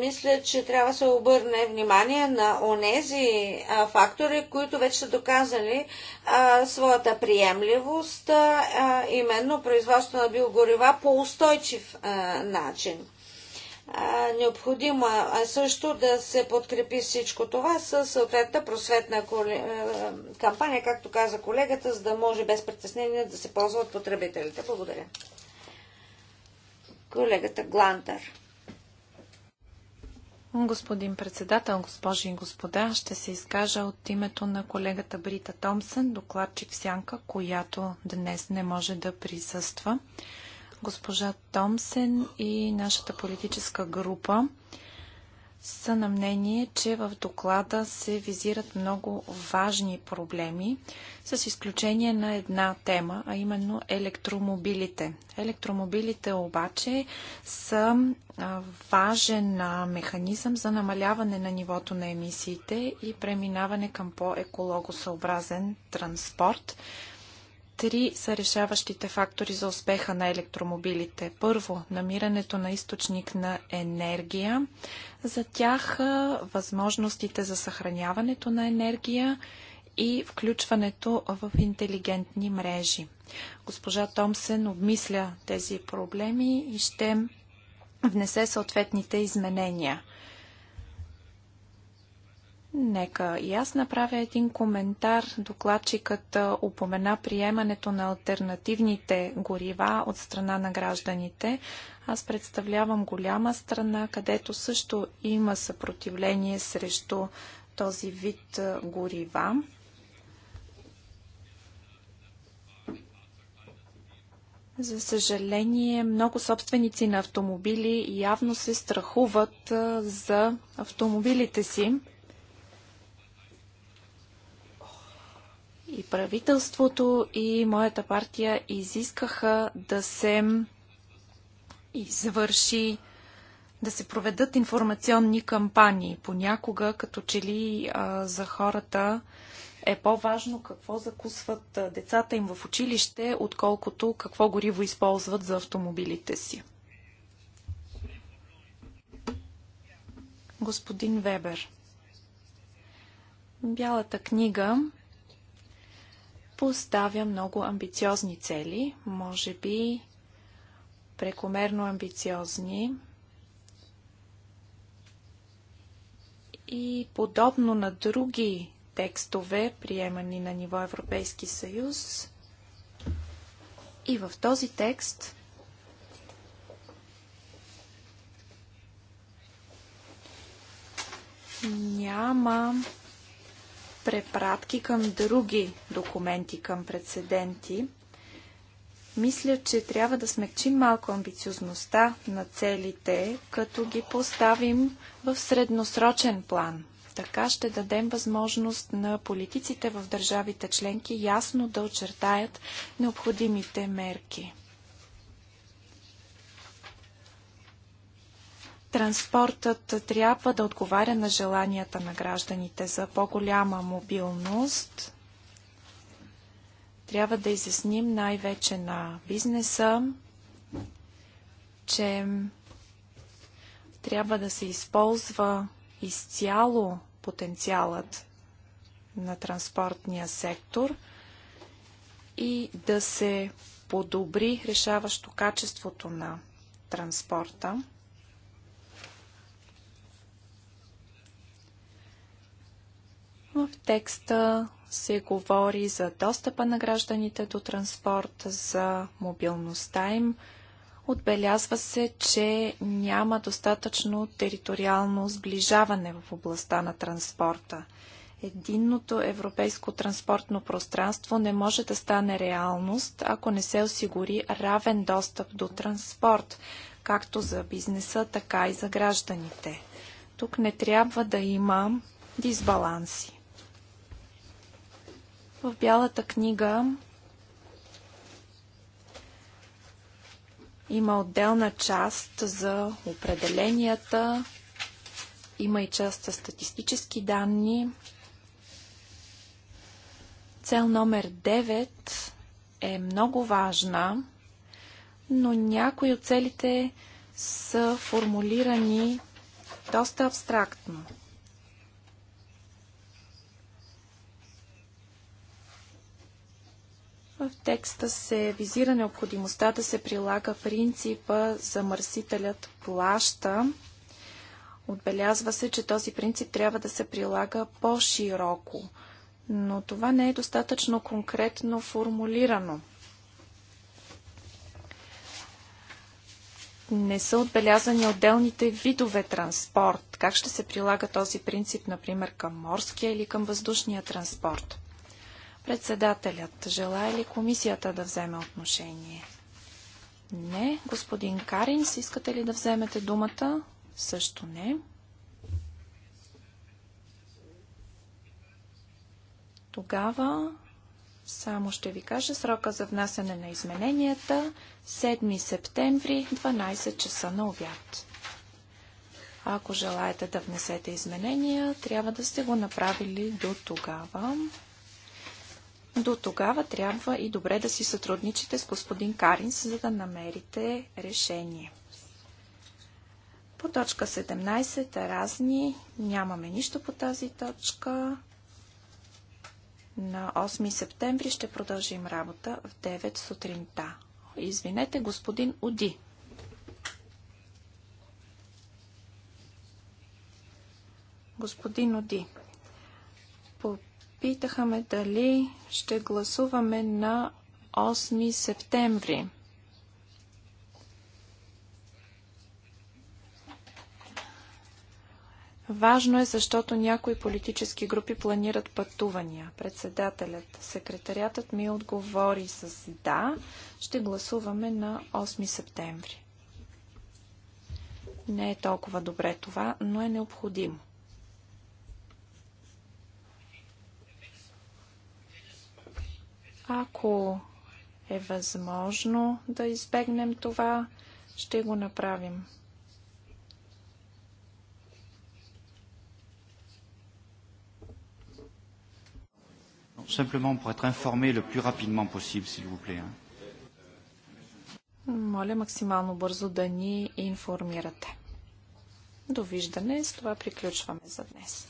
мисля, че трябва да се обърне внимание на онези а, фактори, които вече са доказали а, своята приемливост, а, именно производство на биогорива по устойчив а, начин необходимо е също да се подкрепи всичко това с съответната просветна е, кампания, както каза колегата, за да може без притеснение да се ползват потребителите. Благодаря. Колегата Глантър. Господин председател, госпожи и господа, ще се изкажа от името на колегата Брита Томсън, докладчик в Сянка, която днес не може да присъства. Госпожа Томсен и нашата политическа група са на мнение, че в доклада се визират много важни проблеми, с изключение на една тема, а именно електромобилите. Електромобилите обаче са важен механизъм за намаляване на нивото на емисиите и преминаване към по-екологосъобразен транспорт. Три са решаващите фактори за успеха на електромобилите. Първо, намирането на източник на енергия. За тях възможностите за съхраняването на енергия и включването в интелигентни мрежи. Госпожа Томсен обмисля тези проблеми и ще внесе съответните изменения – Нека и аз направя един коментар. Докладчикът упомена приемането на альтернативните горива от страна на гражданите. Аз представлявам голяма страна, където също има съпротивление срещу този вид горива. За съжаление, много собственици на автомобили явно се страхуват за автомобилите си. И правителството, и моята партия изискаха да се извърши да се проведат информационни кампании. Понякога, като че ли а, за хората е по-важно какво закусват децата им в училище, отколкото какво гориво използват за автомобилите си. Господин Вебер. Бялата книга поставя много амбициозни цели, може би прекомерно амбициозни. И подобно на други текстове, приемани на ниво Европейски съюз, и в този текст няма препратки към други документи, към прецеденти. Мисля, че трябва да смекчим малко амбициозността на целите, като ги поставим в средносрочен план. Така ще дадем възможност на политиците в държавите членки ясно да очертаят необходимите мерки. Транспортът трябва да отговаря на желанията на гражданите за по-голяма мобилност. Трябва да изясним най-вече на бизнеса, че трябва да се използва изцяло потенциалът на транспортния сектор и да се подобри решаващо качеството на транспорта. В текста се говори за достъпа на гражданите до транспорт, за мобилността им. Отбелязва се, че няма достатъчно териториално сближаване в областта на транспорта. Единното европейско транспортно пространство не може да стане реалност, ако не се осигури равен достъп до транспорт, както за бизнеса, така и за гражданите. Тук не трябва да има дисбаланси. В Бялата книга има отделна част за определенията, има и част за статистически данни. Цел номер 9 е много важна, но някои от целите са формулирани доста абстрактно. В текста се визира необходимостта да се прилага принципа замърсителят плаща. Отбелязва се, че този принцип трябва да се прилага по-широко, но това не е достатъчно конкретно формулирано. не са отбелязани отделните видове транспорт. Как ще се прилага този принцип, например, към морския или към въздушния транспорт? Председателят, желая ли комисията да вземе отношение? Не. Господин Каринс, искате ли да вземете думата? Също не. Тогава само ще ви кажа срока за внасяне на измененията 7 септември 12 часа на обяд. Ако желаете да внесете изменения, трябва да сте го направили до тогава. До тогава трябва и добре да си сътрудничите с господин Каринс, за да намерите решение. По точка 17 разни. Нямаме нищо по тази точка. На 8 септември ще продължим работа в 9 сутринта. Извинете, господин Уди. Господин Оди, Питаха ме дали ще гласуваме на 8 септември. Важно е, защото някои политически групи планират пътувания. Председателят, секретариатът ми отговори с да. Ще гласуваме на 8 септември. Не е толкова добре това, но е необходимо. Ако е възможно да избегнем това, ще го направим. Simplement pour être informé le plus rapidement possible, s'il vous plaît. Моля максимално бързо да ни информирате. Довиждане. С това приключваме за днес.